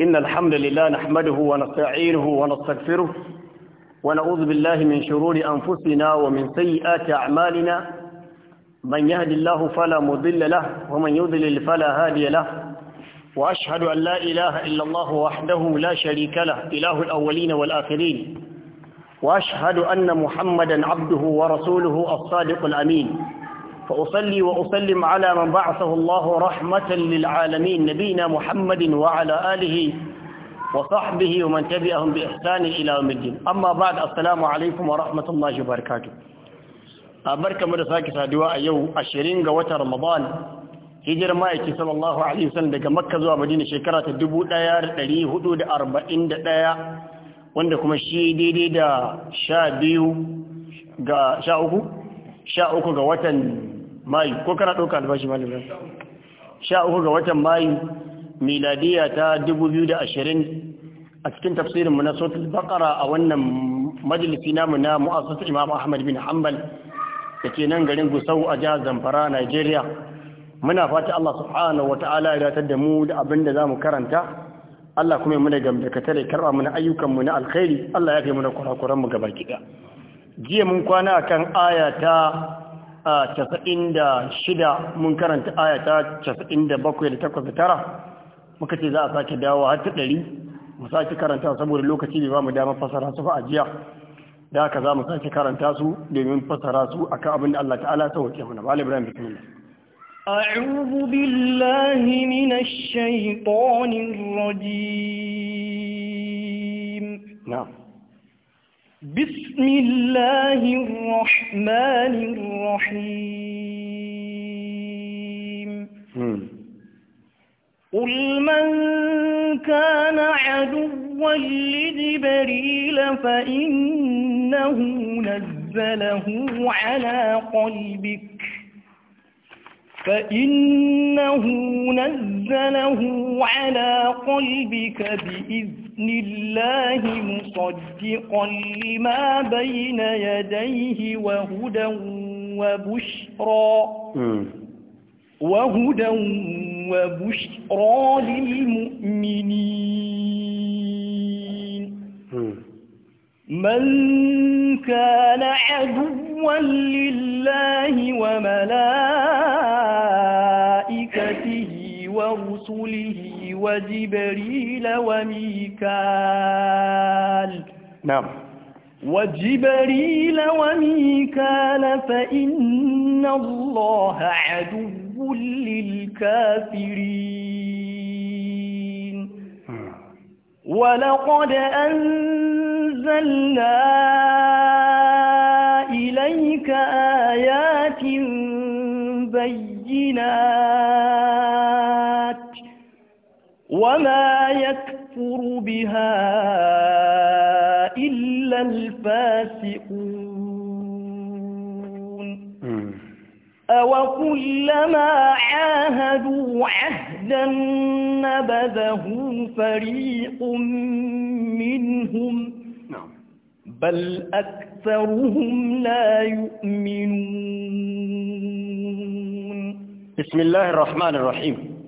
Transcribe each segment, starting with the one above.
إن الحمد لله نحمده ونستعينه ونستغفره ونعوذ بالله من شرور أنفسنا ومن سيئات أعمالنا من يهد الله فلا مضل له ومن يضلل فلا هادي له وأشهد أن لا إله إلا الله وحده لا شريك له إله الأولين والآخرين وأشهد أن محمدا عبده ورسوله الصادق الأمين فأصلي وأسلم على من بعثه الله رحمة للعالمين نبينا محمد وعلى آله وصحبه ومن تبعهم بإحسان إلى يوم الدين أما بعد السلام عليكم ورحمة الله وبركاته أبرك مرساك سادواء يو أشرين قوة رمضان hijirar ma'aiki sallallahu alaihi wasallam daga makka zuwa madina shekara ta 1441 wanda kuma shi daidai da 12 ga 13 13 ga watan mayu ko kana ɗauka albashi malamin sha uku ga watan mayu miladiya ta 2020 a cikin tafsirin na sautul bakara a wannan majalisi namu na mu'assasar imam ahmad bin hanbal da ke nan garin gusau a jihar zamfara nigeria muna fata allah subhanahu wa ta'ala ya datar da mu da abin da za mu karanta allah kuma yi da gamdakatar ya karɓa mana ayyukanmu na alkhairi allah ya fi muna kurakuranmu gaba kiɗa jiya mun kwana kan aya ta a casa'in da shida mun karanta aya ta casa'in da bakwai da takwas da tara muka ce za a sake dawo har ta ɗari mu sake karanta saboda lokaci bai ba mu damar fasara su ba a jiya da haka za mu sake karanta su domin fasara su akan abin da Allah ta'ala ta wuce mana malam Ibrahim bismillah أعوذ بالله من الشيطان الرجيم نعم بسم الله الرحمن الرحيم قل من كان عدوا لجبريل فإنه نزله على قلبك فإنه نزله على قلبك بإذن بإذن الله مصدقا لما بين يديه وهدى وبشرى وهدى وبشرى للمؤمنين من كان عدوا لله وملائكته ورسله وجبريل وميكال نعم وجبريل وميكال فإن الله عدو للكافرين ولقد أنزلنا إليك آيات بينات وما يكفر بها إلا الفاسقون أو كلما عاهدوا عهدا نبذه فريق منهم نعم. بل أكثرهم لا يؤمنون بسم الله الرحمن الرحيم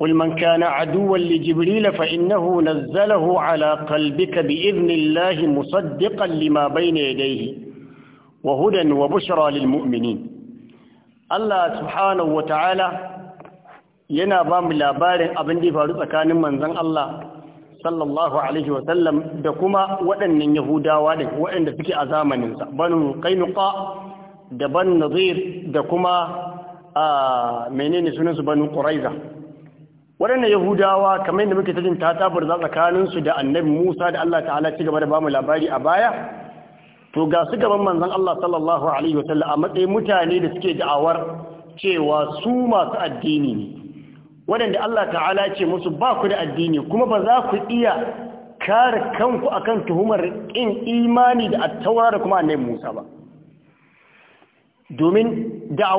قل من كان عدوا لجبريل فإنه نزله على قلبك بإذن الله مصدقا لما بين يديه وهدى وبشرى للمؤمنين الله سبحانه وتعالى yana ba mu labarin abin da ya faru tsakanin manzon Allah sallallahu alaihi wa sallam da kuma waɗannan Yahudawa da waɗanda suke a zamaninsa banu Qainuqa da ban Nadir da kuma a menene sunansu banu Quraiza waɗannan yahudawa kamar yadda muke tajin ta tabar za tsakaninsu da annabi musa da allah ta'ala ci gaba da bamu labari a baya to ga su gaban manzon allah sallallahu alaihi wasallam a matsayin mutane da suke da'awar cewa su masu addini ne waɗanda allah ta'ala ce musu ba ku da addini kuma ba za ku iya kare kanku akan tuhumar ƙin imani da attaura da kuma annabi musa ba domin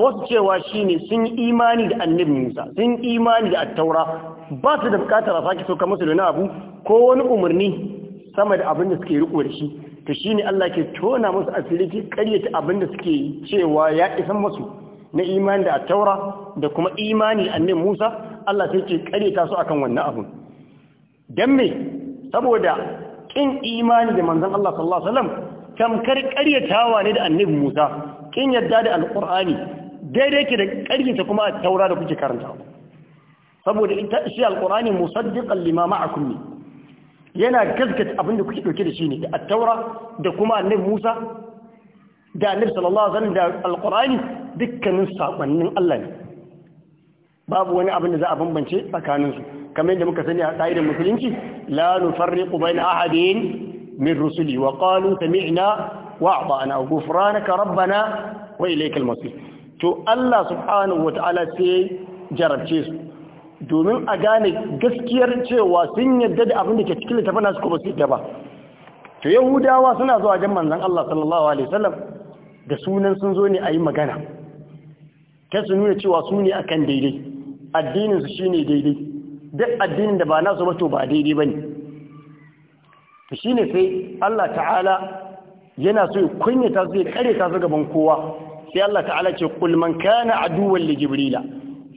wasu cewa ne sun imani da annabi Musa sun imani da attaura ba su da bukatar a sake sauka musu da wani abu ko wani umarni sama da abin da suke riko da shi to shine Allah ke tona musu asiri karyata abin da suke cewa ya isan masu na imani da attaura da kuma imani da annabi Musa Allah sai ke karyata su akan wannan abu dan me saboda kin imani da manzon Allah sallallahu alaihi wasallam tamkar karyatawa ne da annabi Musa kin yadda da alqur'ani daidai ke da ƙarfinta kuma a taura da kuke karanta saboda ita shi alqur'ani musaddiqan lima ma'akum ne yana gaskata abin da kuke dauke da shi ne da taura da kuma annabi Musa da annabi sallallahu alaihi wasallam da alqur'ani dukkanin sakonnin Allah ne babu wani abin da za a bambance tsakanin su kamar yadda muka sani a tsayirin musulunci la nufarriqu baina ahadin min rusuli wa qalu sami'na wa'adana ghufranaka rabbana wa ilaykal masir to Allah subhanahu wataala sai jarabce su domin a gane gaskiyar cewa sun yadda da abin da ke cikin tafana su ko ba su yadda ba to yahudawa suna zuwa jan manzon Allah sallallahu alaihi wasallam da sunan sun zo ne a yi magana ta su nuna cewa su ne akan daidai addininsu shi ne daidai duk addinin da ba nasu ba to ba daidai ba ne shi ne sai Allah ta'ala yana so ya kunyata ta ya kare ta gaban kowa sai Allah ta'ala ce kul man kana aduwwan li jibrila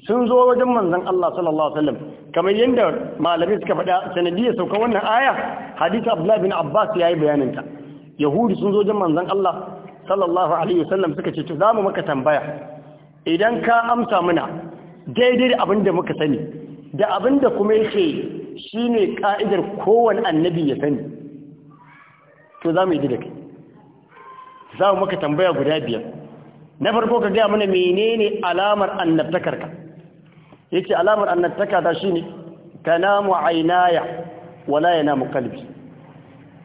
sun zo wajen manzon Allah sallallahu alaihi wasallam kamar yanda malamai suka faɗa sanadiyya sauka wannan aya hadisi Abdullah bin Abbas yayi bayanin ta yahudi sun zo wajen manzon Allah sallallahu alaihi wasallam suka ce to zamu maka tambaya idan ka amsa muna daidai da abinda muka sani da abinda kuma yake shine ka'idar kowanne annabi ya sani to mu yi da kai za mu maka tambaya guda biyar na farko ka gaya mana menene alamar annabtakarka yace alamar annabtaka da shine tanamu aynaya wala yanamu qalbi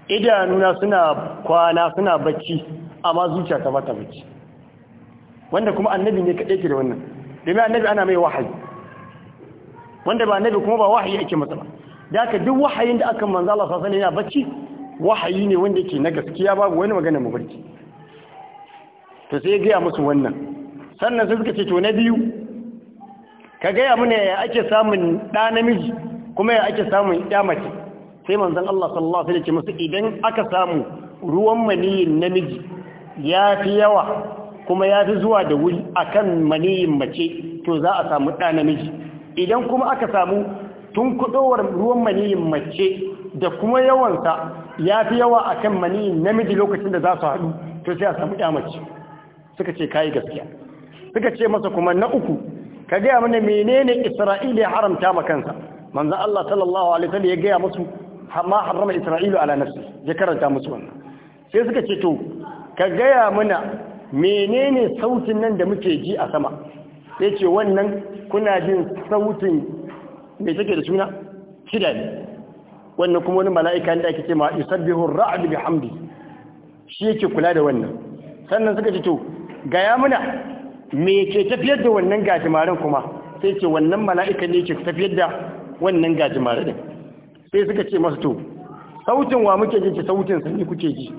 idanuna suna kwana suna bacci amma zuciya ta bata bacci wanda kuma annabi ne kadai ke da wannan domin annabi ana mai wahayi wanda ba annabi kuma ba wahayi yake masa ba da haka duk wahayin da aka manzo Allah sallallahu alaihi wasallam yana bacci wahayi ne wanda yake na gaskiya babu wani magana mu barki to sai ya gaya musu wannan sannan sai suka ce to na biyu ka gaya mana ya ake samun ɗa namiji kuma ya ake samun ya mace sai manzon Allah sallallahu alaihi wasallam ce musu idan aka samu ruwan maniyin namiji ya fi yawa kuma ya fi zuwa da wuri akan maniyin mace to za a samu ɗa namiji idan kuma aka samu tun kudowar ruwan maniyin mace da kuma yawansa ya fi yawa akan maniyin namiji lokacin da za su haɗu to sai a samu ya mace suka ce kayi gaskiya suka ce masa kuma na uku ka gaya mana menene isra'ila ya haramta ma kansa manzo Allah sallallahu alaihi wasallam ya gaya musu ma harrama isra'ila ala nafsi ya karanta musu wannan sai suka ce to ka gaya mana menene sautin nan da muke ji a sama yace wannan kuna jin sautin me take da suna shida ne wannan kuma wani mala'ika da ake ce ma yusabbihu ar-ra'd bihamdi shi yake kula da wannan sannan suka ce to gaya muna me ke tafiyar da wannan gajimarin kuma sai ce wannan mala'ika ne ke tafiyar da wannan gajimarin sai suka ce masu to sautin wa muke ji sautin sun kuke ji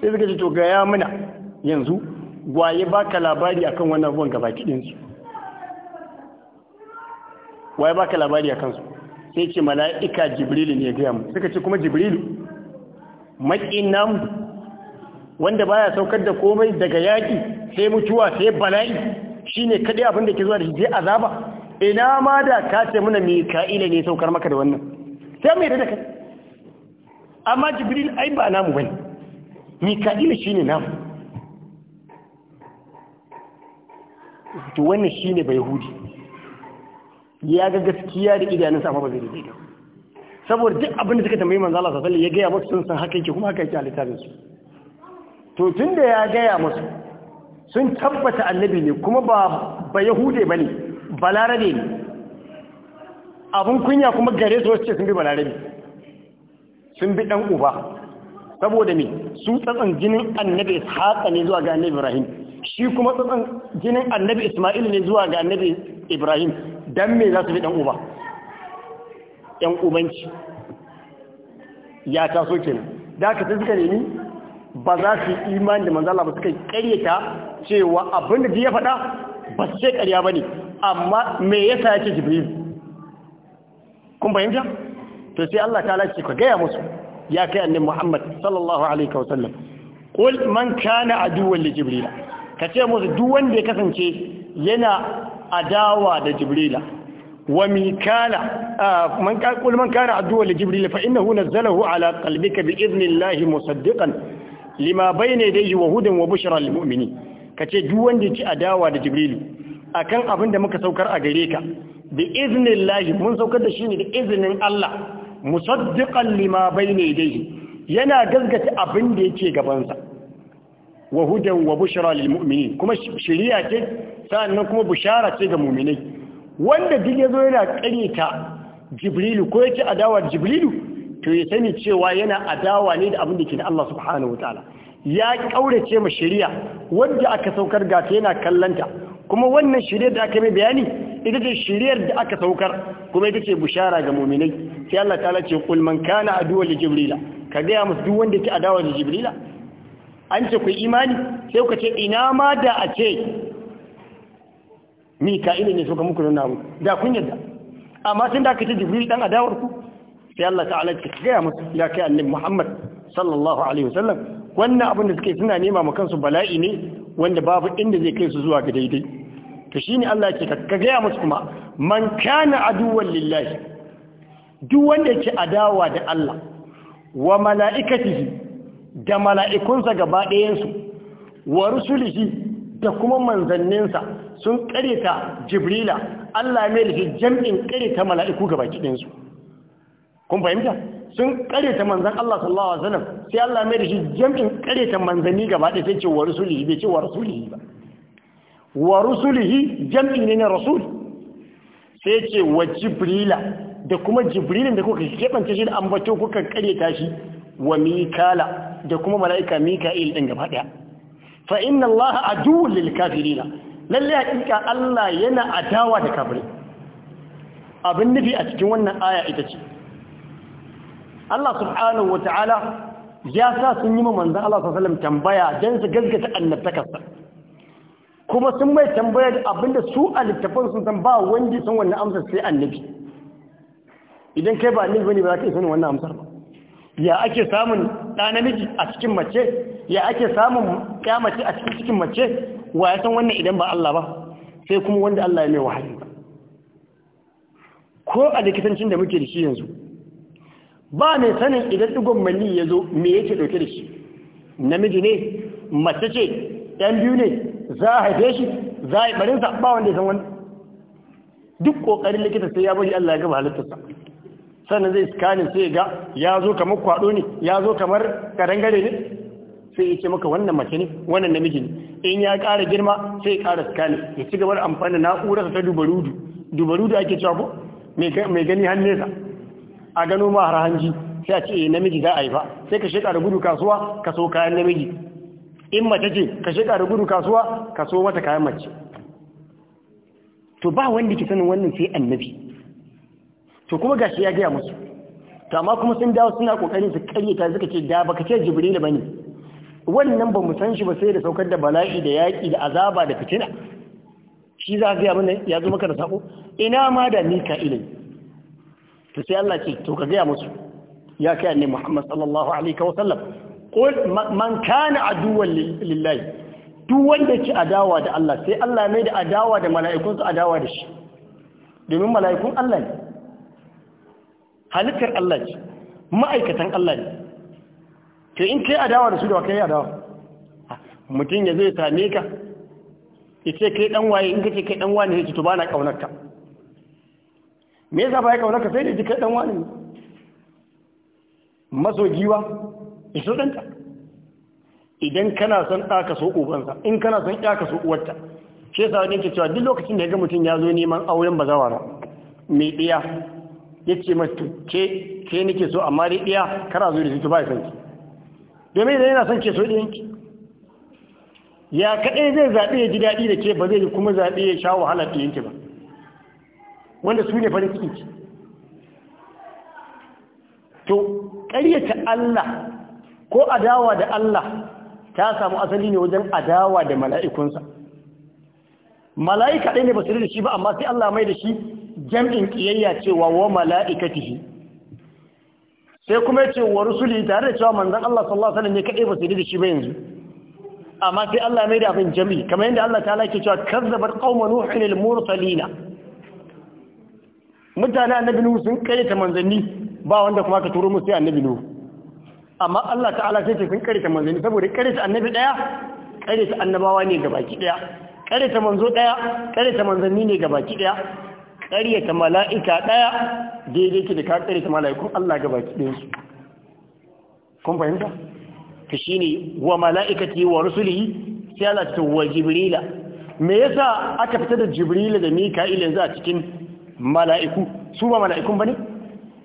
sai suka ce to gaya muna yanzu waye ka labari akan wannan ruwan gaba kiɗinsu waye ka labari akan su sai ce mala'ika jibrilu ne ya gaya mu suka ce kuma jibrilu maƙinan wanda baya saukar da komai daga yaki sai mutuwa sai bala'i shine kadai abin da ke zuwa da shi, zai azaba ina ma da ka ce muna ka'ila ne saukar maka da wannan sai mai da kai amma jibril ai ba namu bane shi shine namu to wannan shine bai hudi ya ga gaskiya da idanun sa ba zai daidai saboda duk abin da suka tambayi manzala Allah ya gaya masu musu sun san haka yake kuma haka yake a su to da ya gaya musu sun tabbata annabi ne kuma ba ba yahude bane balarabe ne abun kunya kuma gare su ce sun bi balarabe sun bi dan uba saboda me su tsatsan jinin annabi haka ne zuwa ga annabi Ibrahim shi kuma tsatsan jinin annabi Isma'il ne zuwa ga annabi Ibrahim dan me za su bi dan uba yan ubanci ya taso kenan da aka tsirka ne ni ba za su yi imani da manzala ba suka karyata cewa abin da ya faɗa ba su ce karya ba ne amma me yasa ya ce jibril kun fahimta to sai Allah ta lace ka gaya musu ya kai annabi Muhammad sallallahu alaihi wasallam Kul man kana aduwwan li jibril ka ce musu duk wanda ya kasance yana adawa da jibril wa mikala man kana qul man kana aduwwan li jibril fa innahu nazzalahu ala qalbika bi idnillahi musaddiqan lima da yi wa hudun wa bushirar lil ka kace duk wanda ci adawa da jibrilu akan abin da muka saukar a gare ka bi iznillahi mun saukar da shi ne da iznin Allah musaddiqan lima da yi yana gaskata abin da yake gaban sa wa hudun wa bushirar lil kuma shari'a ce sannan kuma bushara ce ga mu'minai wanda duk yazo yana ƙaryata jibrilu ko yake adawa da jibrilu to ya sani cewa yana adawa ne da abin da ke da Allah subhanahu wa ta'ala ya kaurace ma shari'a wanda aka saukar ga ta yana kallanta kuma wannan shari'ar da aka mai bayani ita ce shari'ar da aka saukar kuma ita ce bushara ga mu'minai sai Allah ta'ala ce kul man kana aduwa li jibrila ka ga musu duk wanda ke adawa da jibrila an ce ku imani sai ku ce ina ma da a ce mika'ila ne suka muku nuna mu da kun yadda amma tun da aka ce jibril dan adawar ku sai Allah ta'ala ya gaya musu ya kai annabi Muhammad sallallahu alaihi wasallam wannan abin da suke suna nema ma kansu bala'i ne wanda babu inda zai kai su zuwa ga daidai to shine Allah yake ka gaya musu kuma man kana aduwwan lillahi duk wanda yake adawa da Allah wa mala'ikatihi da mala'ikunsa gaba ɗayansu wa rusulihi da kuma manzanninsa sun ƙareta jibrila Allah mai da jam'in karyata mala'iku gaba kiɗinsu kun fahimta sun kareta manzan Allah sallallahu alaihi wasallam sai Allah mai da shi jam'in kareta manzani gaba da sai ce wa rusulihi bai ce wa rasulihi ba wa rusulihi jam'i ne na rasul sai ce wa jibrila da kuma jibrilin da kuka kebance shi da ambato kuka kareta shi wa mikala da kuma mala'ika mika'il din gaba daya fa inna Allah aduwwul lil kafirina lalle hakika Allah yana adawa da kafirai abin nufi a cikin wannan aya ita ce Allah subhanahu wa ta'ala ya sa sun yi manzan Allah sallallahu tambaya don su gaskata annabtakarsa kuma sun mai tambaya da abinda su a littafin sun san ba wanda san wannan amsar sai annabi idan kai ba annabi bane ba za ka yi sanin wannan amsar ba ya ake samun ɗa namiji a cikin mace ya ake samun ya mace a cikin cikin mace wa ya san wannan idan ba Allah ba sai kuma wanda Allah ya mai wahayi ba ko a likitancin da muke da shi yanzu ba mai sanin idan digon mani ya zo me yake ɗauke da shi namiji ne mace ce ɗan biyu ne za a haife shi za a yi barinsa ba wanda ya san wani duk ƙoƙarin likita sai ya bari Allah ya gaba halittarsa sannan zai scanning sai ga ya zo kamar kwaɗo ne ya zo kamar ƙarangare ne sai ya ce maka wannan mace ne wannan namiji ne in ya ƙara girma sai ya ƙara scanning ya ci gaba da amfani na'urarsa ta dubarudu dubarudu ake cewa ko mai gani hannesa a gano ma har hanji sai a ce eh, namiji za a yi fa, sai ka sheka da gudu kasuwa ka so kayan namiji in mace ce ka sheka da gudu kasuwa ka so mata kayan mace to ba wanda ke sanin wannan sai annabi to kuma gashi ya gaya musu to amma kuma sun dawo suna kokarin su karyata suka ce da baka ce jibril bane wannan ba mu san shi ba sai da saukar da bala'i da yaki da azaba da fitina shi za ka gaya mana ya zo maka da sako ina ma da mika'ilin to sai Allah ce to ka ya musu ya kai annabi Muhammad sallallahu alaihi wa sallam qul man kana aduwwan lillahi duk wanda yake adawa da Allah sai Allah mai da adawa da mala'ikun su adawa da shi domin mala'ikun Allah ne halittar Allah ce ma'aikatan Allah ne to in kai adawa da su da kai adawa mutum ya zai same ka ya ce kai dan waye in kace kai dan wane ne to ba na kaunarka me yasa ba ya kauna ka sai da jikai dan wani maso giwa iso danta idan kana son ɗa ka so ubansa in kana son ɗa ka so uwarta shi sa wajen ke cewa duk lokacin da ya ga mutum ya zo neman auren ba za wa ba. mai ɗiya ya ce mata ke ke nake so amma dai ɗiya kara zo da su ba ya son ki domin idan yana son ke so ɗiyanki ya kaɗai zai zaɓi ya ji daɗi da ke ba zai kuma zaɓi ya sha wahala ɗiyanki ba wanda su ne farin ciki to ƙaryata Allah ko adawa da Allah ta samu asali ne wajen adawa da mala'ikunsa mala'ika ɗai ne ba su da shi ba amma sai Allah mai da shi jam'in ƙiyayya cewa wa mala'ika tihi sai kuma ya ce wa rusuli tare da cewa manzan Allah sallallahu alaihi wasallam ne kaɗai ba su da shi ba yanzu amma sai Allah mai da abin jam'i kamar yadda Allah ta lake cewa kazzabar qauma nuhin al mursalina mutane annabi nuhu sun karyata manzanni ba wanda kuma ka turo musu a annabi nuhu amma Allah ta'ala sai ce sun karyata manzanni saboda karyata annabi daya karyata annabawa ne gabaki daya karyata manzo daya karyata manzanni ne gabaki daya karyata mala'ika daya daidai ki da ka karyata mala'ikun Allah gabaki daya su kun fahimta shi shine wa mala'ikati wa rusulihi sai Allah ta wa jibrila me yasa aka fita da jibrila da mika'il yanzu a cikin mala'iku su ba mala'ikun ba ne?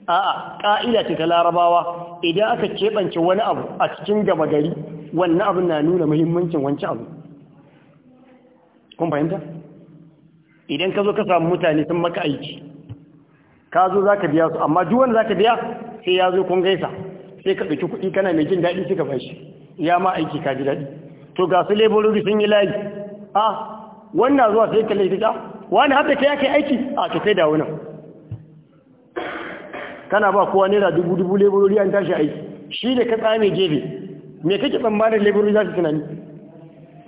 a'a ƙa'ida ce ta larabawa idan aka keɓance wani abu a cikin gaba gari wannan abin na nuna muhimmancin wancan abu kun fahimta idan ka zo ka samu mutane sun maka aiki ka zo za ka biya su amma duk wanda za ka biya sai ya zo kun gaisa sai ka ɗauki kuɗi kana mai jin daɗi sai ka bashi ya ma aiki ka ji daɗi to ga su leburori sun yi layi a wannan zuwa sai ka laifi ta wani haka ta yake aiki a tafai kai wunan kana ba kowa nera dubu dubu leburori an tashi aiki shi da ka tsami jebe me kake tsammanin leburori za su tunani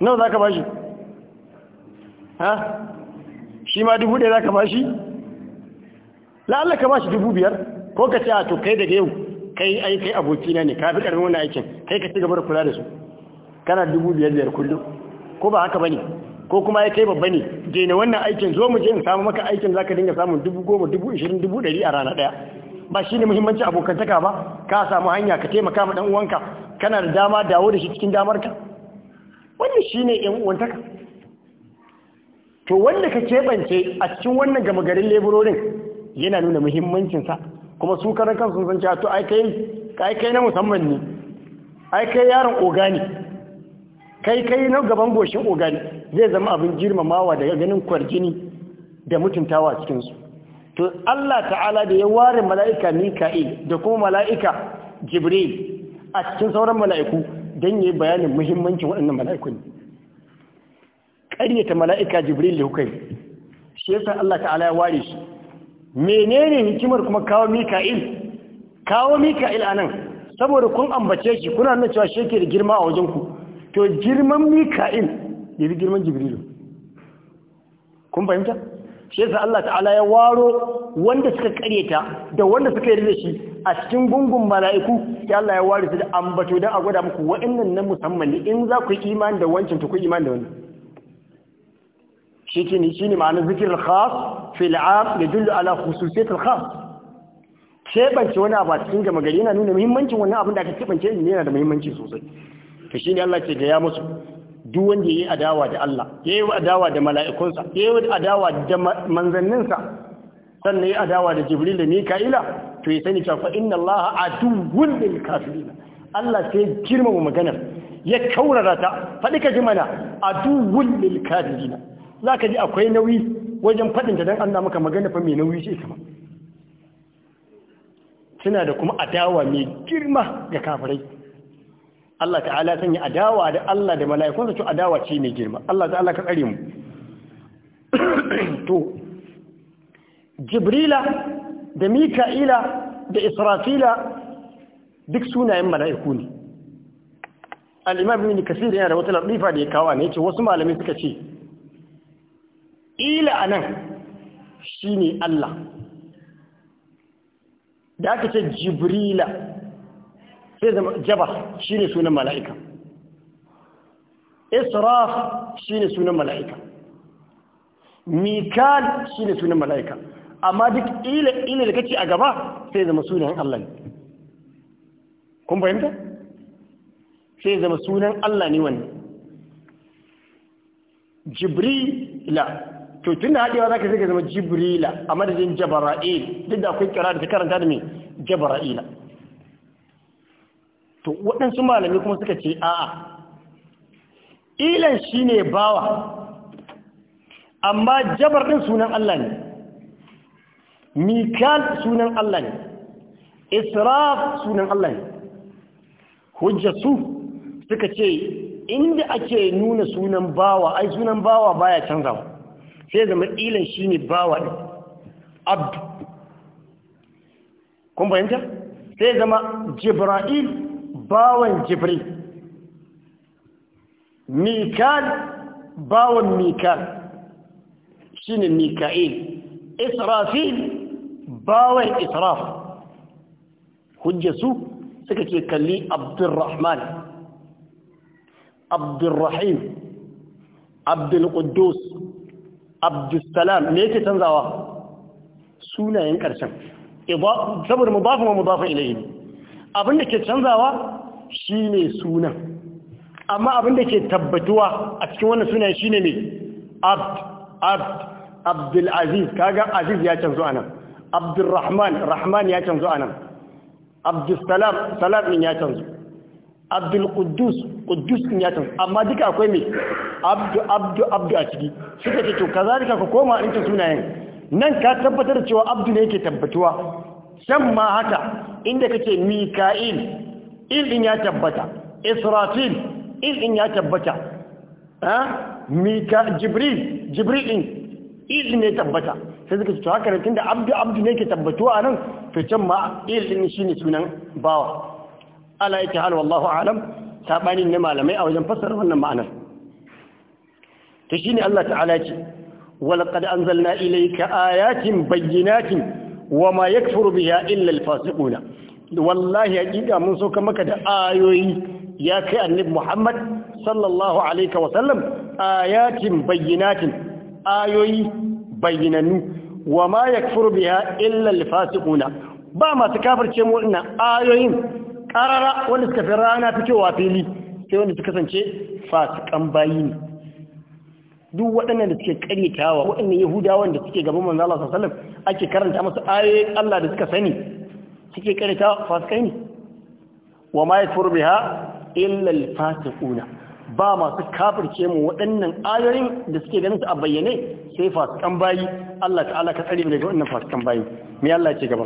nawa za ka bashi? ha shi ma dubu ɗaya za ka bashi? shi la'alla ka bashi dubu biyar ko ka ce a to kai daga yau kai ai kai abokina ne ka fi ƙarfin wani aikin kai ka ci gaba da kula da su kana dubu biyar biyar kullum ko ba haka ba ne ko kuma ya kai babba ne daina wannan aikin zo mu je in samu maka aikin za ka dinga samun dubu goma dubu ishirin dubu ɗari a rana ɗaya ba shi ne muhimmanci abokantaka ba ka samu hanya ka taimaka ma ɗan uwanka kana da dama dawo da shi cikin damarka wannan shi ne ‘yan uwantaka to wanda ka keɓance a cikin wannan gama garin leburorin yana nuna muhimmancinsa kuma su karan kansu sun san cewa to ai kai na musamman ne ai kai yaron Ogani. kai kai na gaban goshin ogani zai zama abin girmamawa da ganin kwarjini da mutuntawa cikinsu to Allah ta'ala da ya ware mala'ika mika'il da kuma mala'ika jibril a cikin sauran mala'iku don yi bayanin muhimmancin waɗannan ne ƙaryata mala'ika jibril da hukai shi yasa Allah ta'ala ya ware shi menene hikimar kuma kawo mika'il kawo mika'il anan saboda kun ambace shi kuna nuna cewa shi yake da girma a wajenku to girman mika'il ya fi girman jibrilu kun fahimta shi yasa Allah ta'ala ya waro wanda suka karyata da wanda suka yi da shi a cikin gungun mala'iku ya Allah ya ware su da ambato don a gwada muku waɗannan na musamman ne in za ku yi imani da wancan ta ku iman da wani. shi ne shi ne ma'anar zikin khas fil'am da dullu ala khususiyatul khas keɓance wani abu a cikin gama gari yana nuna muhimmancin wani abin da aka keɓance yana da muhimmanci sosai to shine Allah ke gaya ya musu duk wanda yayi adawa da Allah yayi adawa da mala'ikunsa yayi adawa da manzanninsa sannan yayi adawa da Jibril da Mika'ila to ya sani cewa inna Allah aduwwul lil kafirin Allah sai girmama maganar ya kaurara ta faɗi ka ji mana aduwwul lil kafirin zaka ji akwai nauyi wajen faɗin ta dan Allah maka magana fa mai nauyi ce kuma suna da kuma adawa mai girma ga kafirai Allah ta'ala sanya adawa da Allah da mala'ikunsa to adawa ce mai girma Allah ta'ala ka tsare mu to jibrila da mika'ila da israfila duk sunayen mala'iku ne al'imam ibn kasir yana da wata latifa da ya kawo ne yace wasu malamai suka ce ila anan shine Allah da aka ce jibrila sai zama jaba ne sunan mala'ika israf ne sunan mala'ika mikal ne sunan mala'ika amma duk ila ila da kace a gaba sai zama sunan Allah ne kun fahimta sai zama sunan Allah ne wani jibrila to tun da haɗewa za ka zama jibrila a madadin jabara'il duk da akwai kira da ta karanta da mai jabara'ila to waɗansu malami kuma suka ce a'a ilan shi ne bawa amma jabar ɗin sunan Allah ne mikal sunan Allah ne israf sunan Allah ne hujjasu suka ce inda ake nuna sunan bawa ai sunan bawa baya canzawa sai zama ilan shi ne bawa ɗin abu kun bayanta sai zama jibra'il bawan jibril mikal bawan mikal shine mika'il israfil bawan israf hujjasu suka ce kalli abdurrahman abdurrahim abdulquddus abdussalam me yake canzawa sunayen ƙarshen saboda mudafin wa mudafin ilayhi abin da ke canzawa shi ne sunan amma abin da ke tabbatuwa a cikin wannan sunan shi ne abd abd abdul aziz kaga aziz ya canzo anan abdul rahman rahman ya canzo anan abdul salam salam ya canzo abdul quddus quddus din ya canzo amma duka akwai me abdu abdu abdu a ciki suka ce to kazalika ka koma a cikin sunayen nan ka tabbatar cewa abdu ne yake tabbatuwa shan ma haka inda kake mika'il il din ya tabbata israfil il din ya tabbata ha mika jibril jibril din il din ya tabbata sai suka ce haka ne tunda abdu abdu ne ke tabbatuwa anan to can ma il din ne sunan bawa ala yake hal wallahu a'lam sabanin ne malamai a wajen fassara wannan ma'anar to shine Allah ta'ala ce walaqad anzalna ilayka ayatin bayyinatin wa ma yakfuru biha illa al-fasiquna wallahi hakika mun so maka da ayoyi ya kai annabi Muhammad sallallahu alaihi wa sallam ayatin bayyinatin ayoyi bayyinannu wa ma yakfuru biha illa al-fasiquna ba masu kafirce mu ina ayoyin karara wanda suka fi rana fitowa fili sai wanda suka kasance fasikan bayi duk waɗannan da suke karyatawa waɗannan yahudawan da suke gaban manzo Allah sallallahu alaihi wasallam ake karanta musu ayoyin Allah da suka sani suke karyatawa fasikai ne wa ma yakfur biha illa al ba masu kafirce mu waɗannan ayoyin da suke ganin su a bayyane sai fasikan bayi Allah ta'ala ka tsare mu daga waɗannan fasikan bayi me Allah ya ce gaba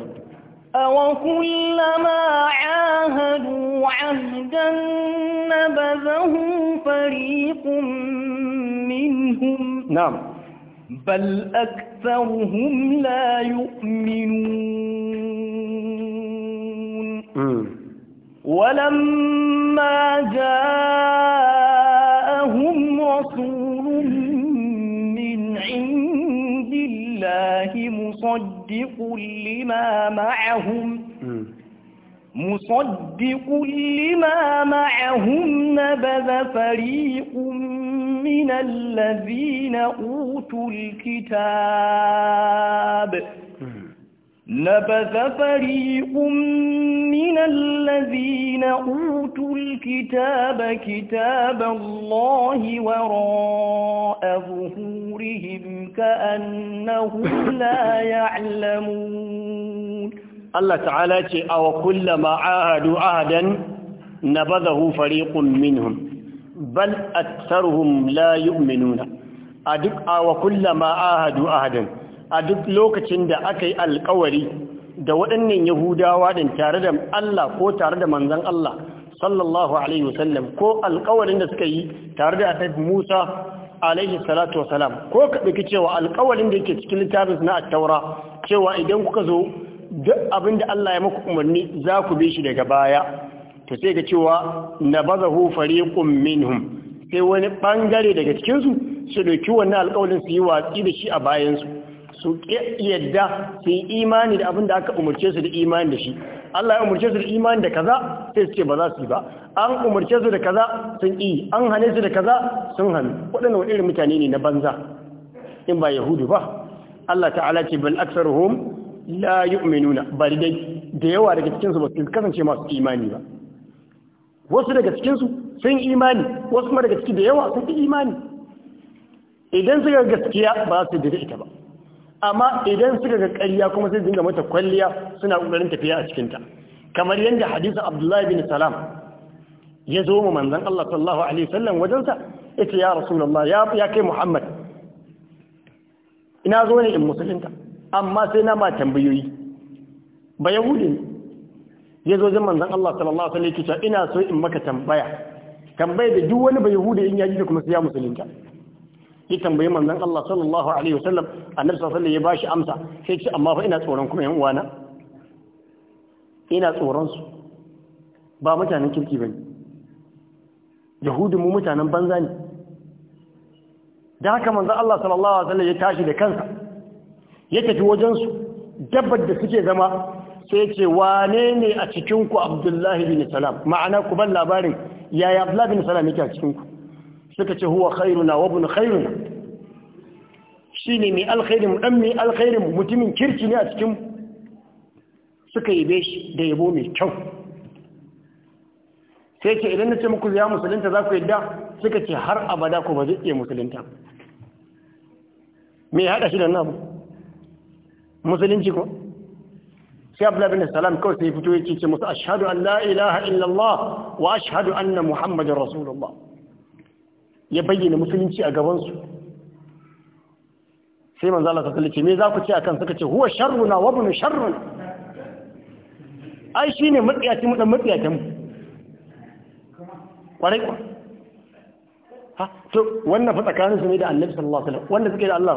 أَوَكُلَّمَا عَاهَدُوا عَهْدًا نَبَذَهُ فَرِيقٌ مِّنْهُمْ نعم بَلْ أَكْثَرُهُمْ لَا يُؤْمِنُونَ ولما مصدق لما معهم مصدق لما معهم نبذ فريق من الذين أوتوا الكتاب نبذ فريق من الذين أوتوا الكتاب كتاب الله وراء ظهورهم كأنهم لا يعلمون الله تعالى أو كلما عاهدوا عهدا نبذه فريق منهم بل أكثرهم لا يؤمنون أدك أو كلما عاهدوا عهدا أدك لوكتين دا أكي القوري da waɗannan Yahudawa din tare da Allah ko tare da manzon Allah sallallahu alaihi wasallam ko alƙawarin da suka yi tare da Annabi Musa alaihi salatu wasalam ko ka ɗauki cewa alƙawalin da yake cikin littafin na taura, cewa idan kuka zo duk abin da Allah ya muku umarni za ku bi shi daga baya to sai ga cewa na bazahu fariqun minhum sai wani ɓangare daga cikinsu su ɗauki wannan alƙawalin su yi watsi da shi a bayansu su yadda su yi imani da abin da aka umarce su da imani da shi Allah ya umarce su da imani da kaza sai su ce ba za su yi ba an umarce su da kaza sun yi an hane su da kaza sun hannu waɗannan waɗirin mutane ne na banza in ba yahudu ba Allah ta'ala ce bal hom la yu'minuna bari dai da yawa daga cikin su ba su kasance masu imani ba wasu daga cikin su sun imani wasu kuma daga ciki da yawa sun imani idan suka gaskiya ba su da ita ba amma idan suka ga ƙarya kuma sai dinga mata kwalliya suna ƙoƙarin tafiya a cikinta kamar yadda hadisin abdullahi bin salam ya zo mu manzon Allah sallallahu alaihi wasallam wajensa yace ya rasulullah ya ya kai muhammad ina zo ne in musulunta amma sai na ma tambayoyi ba yahudi ne ya zo zan manzon Allah sallallahu alaihi wasallam yake ina so in maka tambaya tambaya da duk wani ba yahudi in ya ji kuma sai ya musulunta ya tambayi manzon Allah sallallahu alaihi wasallam annabi sallallahu alaihi ya bashi amsa sai ce amma fa ina tsoron kuma yan uwana ina tsoron su ba mutanen kirki bane yahudu mu mutanen banza ne da haka manzon Allah sallallahu alaihi wasallam ya tashi da kansa ya tafi wajen su dabbar da suke zama sai ce wane ne a cikinku abdullahi bin salam ma'ana ku ban labarin yaya abdullahi bin salam yake a cikinku suka ce huwa khairuna wa ibn khairuna shine mai alkhairin dan mai alkhairin mutumin kirki ne a cikin suka yabe shi da yabo mai kyau sai ce idan nace muku ya musulunta za ku yadda suka ce har abada ku ba zai iya musulunta me ya hada shi da nan musulunci ko sai abdullahi bin salam kawai sai fito yake ce musu ashhadu an la ilaha illallah wa ashhadu anna muhammadar rasulullah ya bayyana musulunci a gabansu sai manzo Allah sallallahu alaihi me za ku ce akan suka ce huwa sharruna wa ibn sharrun ai shine matsiyaci mu dan matsiyacin mu kwarai ko ha to wannan fa tsakanin su ne da Annabi sallallahu alaihi wasallam wanda suke da Allah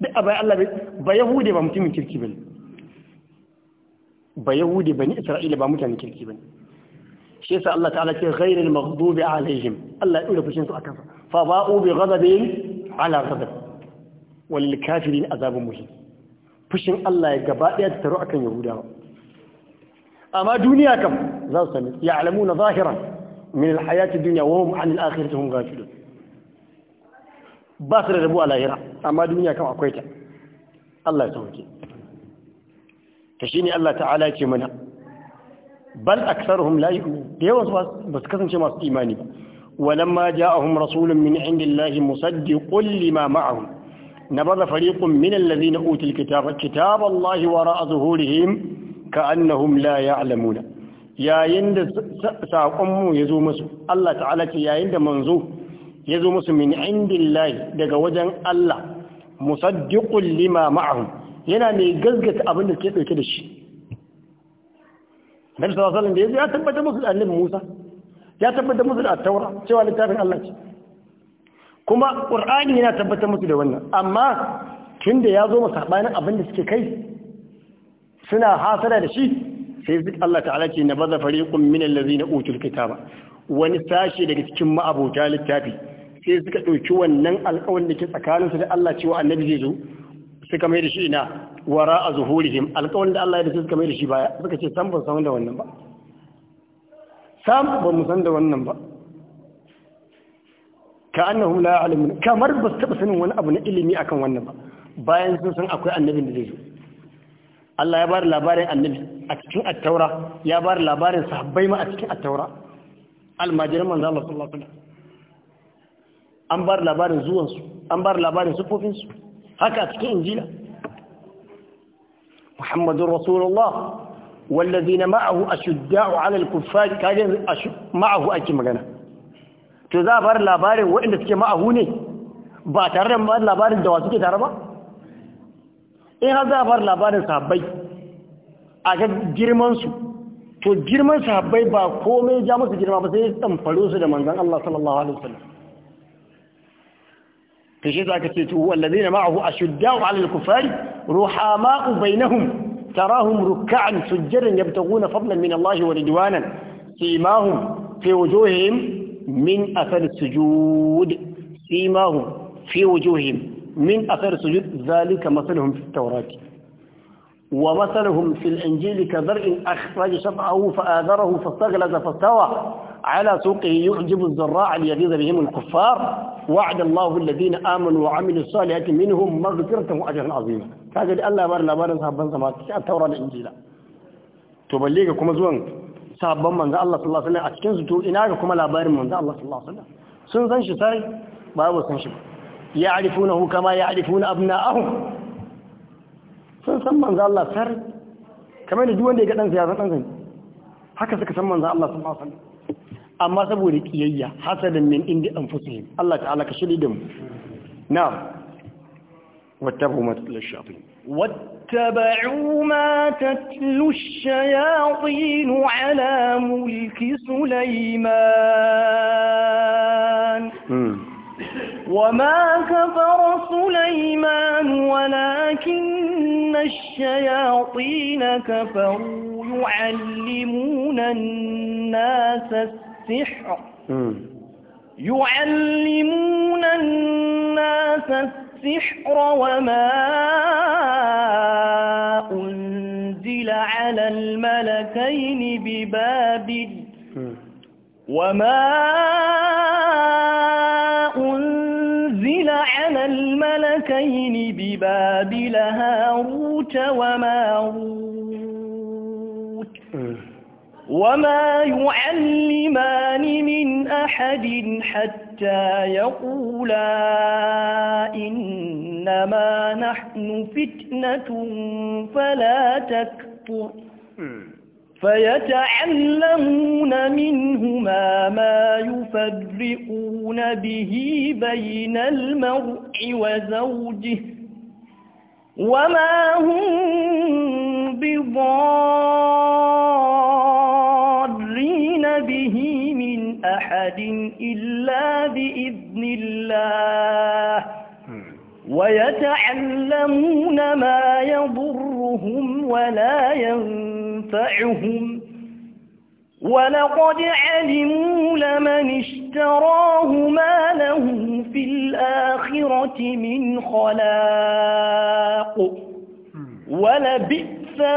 duk abai Allah ba yahudi ba mutumin kirki bane ba yahude bane isra'ila ba mutanen kirki bane shi yasa Allah ta'ala ce ghairil maghdubi alaihim Allah ya dora fushin su akan fa ba'u bi ghadabin ala ghadab wal kafirin azabun muhim fushin Allah ya gaba daya taro akan yahudawa amma duniya kam za su sami ya'lamuna zahiran min al hayati dunya wa hum an al akhirati hum ghafilun ba su da rabu a lahira amma duniya kam akwai ta Allah ya sauke ta shine Allah ta'ala ya ce mana bal aktsaruhum la yu'minun da yawan su ba kasance masu imani ba walamma ja'ahum rasulun min indillahi musaddiqun lima ma'ahum nabadha fariqun min alladhina utul kitaba kitaballahi wara'a zuhurihim ka'annahum la ya'lamuna yayin da sakon mu yazo musu Allah ta'ala ce yayin da manzo yazo musu min indillahi daga wajen Allah musaddiqun lima ma'ahum yana mai gaskata abin da ke dauke da shi Nabi sallallahu alaihi wasallam ya tabbata musu da annabi Musa ya tabbata musu da Taura cewa littafin Allah ce kuma Qur'ani yana tabbata musu da wannan amma tunda ya zo masabanin abin da suke kai suna hasara da shi sai duk Allah ta'ala ce na baza fariqun min allazina utul kitaba wani sashi daga cikin ma'abota littafi sai suka dauki wannan alƙawarin da ke tsakaninsu da Allah cewa annabi zai zo suka mai da shi ina wara a zuhurihim alƙawarin da Allah ya da suka mai da shi baya suka ce san ban san da wannan ba sam ban mu san da wannan ba ka annahum la ya'lamun kamar ba su taɓa sanin wani abu na ilimi akan wannan ba bayan sun san akwai annabin da zai zo Allah ya bari labarin annabi a cikin attaura ya bari labarin sahabbai ma a cikin attaura almajiran manzo Allah sallallahu alaihi wasallam an bada labarin zuwansu an bada labarin sufofinsu haka cikin injila muhammadun rasulullah wallazina ma'ahu ashudda'u 'ala al-kuffar kaje ma'ahu ake magana to za a bar labarin waɗanda suke ma'ahu ne ba tare da labarin da wasu ke tare ba in har za bar labarin sahabbai a ga girman su to girman sahabbai ba komai ja musu girma ba sai ya tamfaro su da manzon Allah sallallahu alaihi wasallam تجد أنك هو الذين معه أشداء على الكفار رحماء بينهم تراهم ركعا سجرا يبتغون فضلا من الله ورجوانا سيماهم في وجوههم من أثر السجود سيماهم في وجوههم من أثر السجود ذلك مثلهم في التوراة ومثلهم في الإنجيل كذرء أخرج شبعه فآذره فاستغلظ فاستوى على سوقه يعجب الزراع ليغيظ بهم الكفار وعد الله الذين آمنوا وعملوا الصالحات منهم مغفرة وأجرا عظيما kaga da Allah bar labarin sahabban sa ma cikin Taurat da Injila to kuma zuwan sahabban manzo Allah sallallahu a cikin su to ina ga kuma labarin manzo Allah sallallahu alaihi wasallam sun san shi sai babu san shi ya'rifunahu kama ya'rifuna abna'ahum sun san manzo Allah sar kamar da duk wanda ya ga dan sa ya san dan sa haka suka san manzo Allah sallallahu alaihi wasallam amma saboda kiyayya hasadan min indi anfusihim Allah ta'ala ka shiri da mu na'am wattabu ma tatlu shayatin wattaba'u ma tatlu shayatin ala mulki sulaiman وما كفر سليمان ولكن الشياطين كفروا يعلمون الناس السحر يعلمون الناس السحر وما أنزل على الملكين ببابل وما أنزل على الملكين ببابل هاروت وماروت وما يعلمان من أحد حتى يقولا إنما نحن فتنة فلا تكفر فيتعلمون منهما ما يفرقون به بين المرء وزوجه وما هم بضارين به من أحد إلا بإذن الله ويتعلمون ما يضرهم ولا ينفعهم ولقد علموا لمن اشتراه ما له في الآخرة من خلاق ولبئس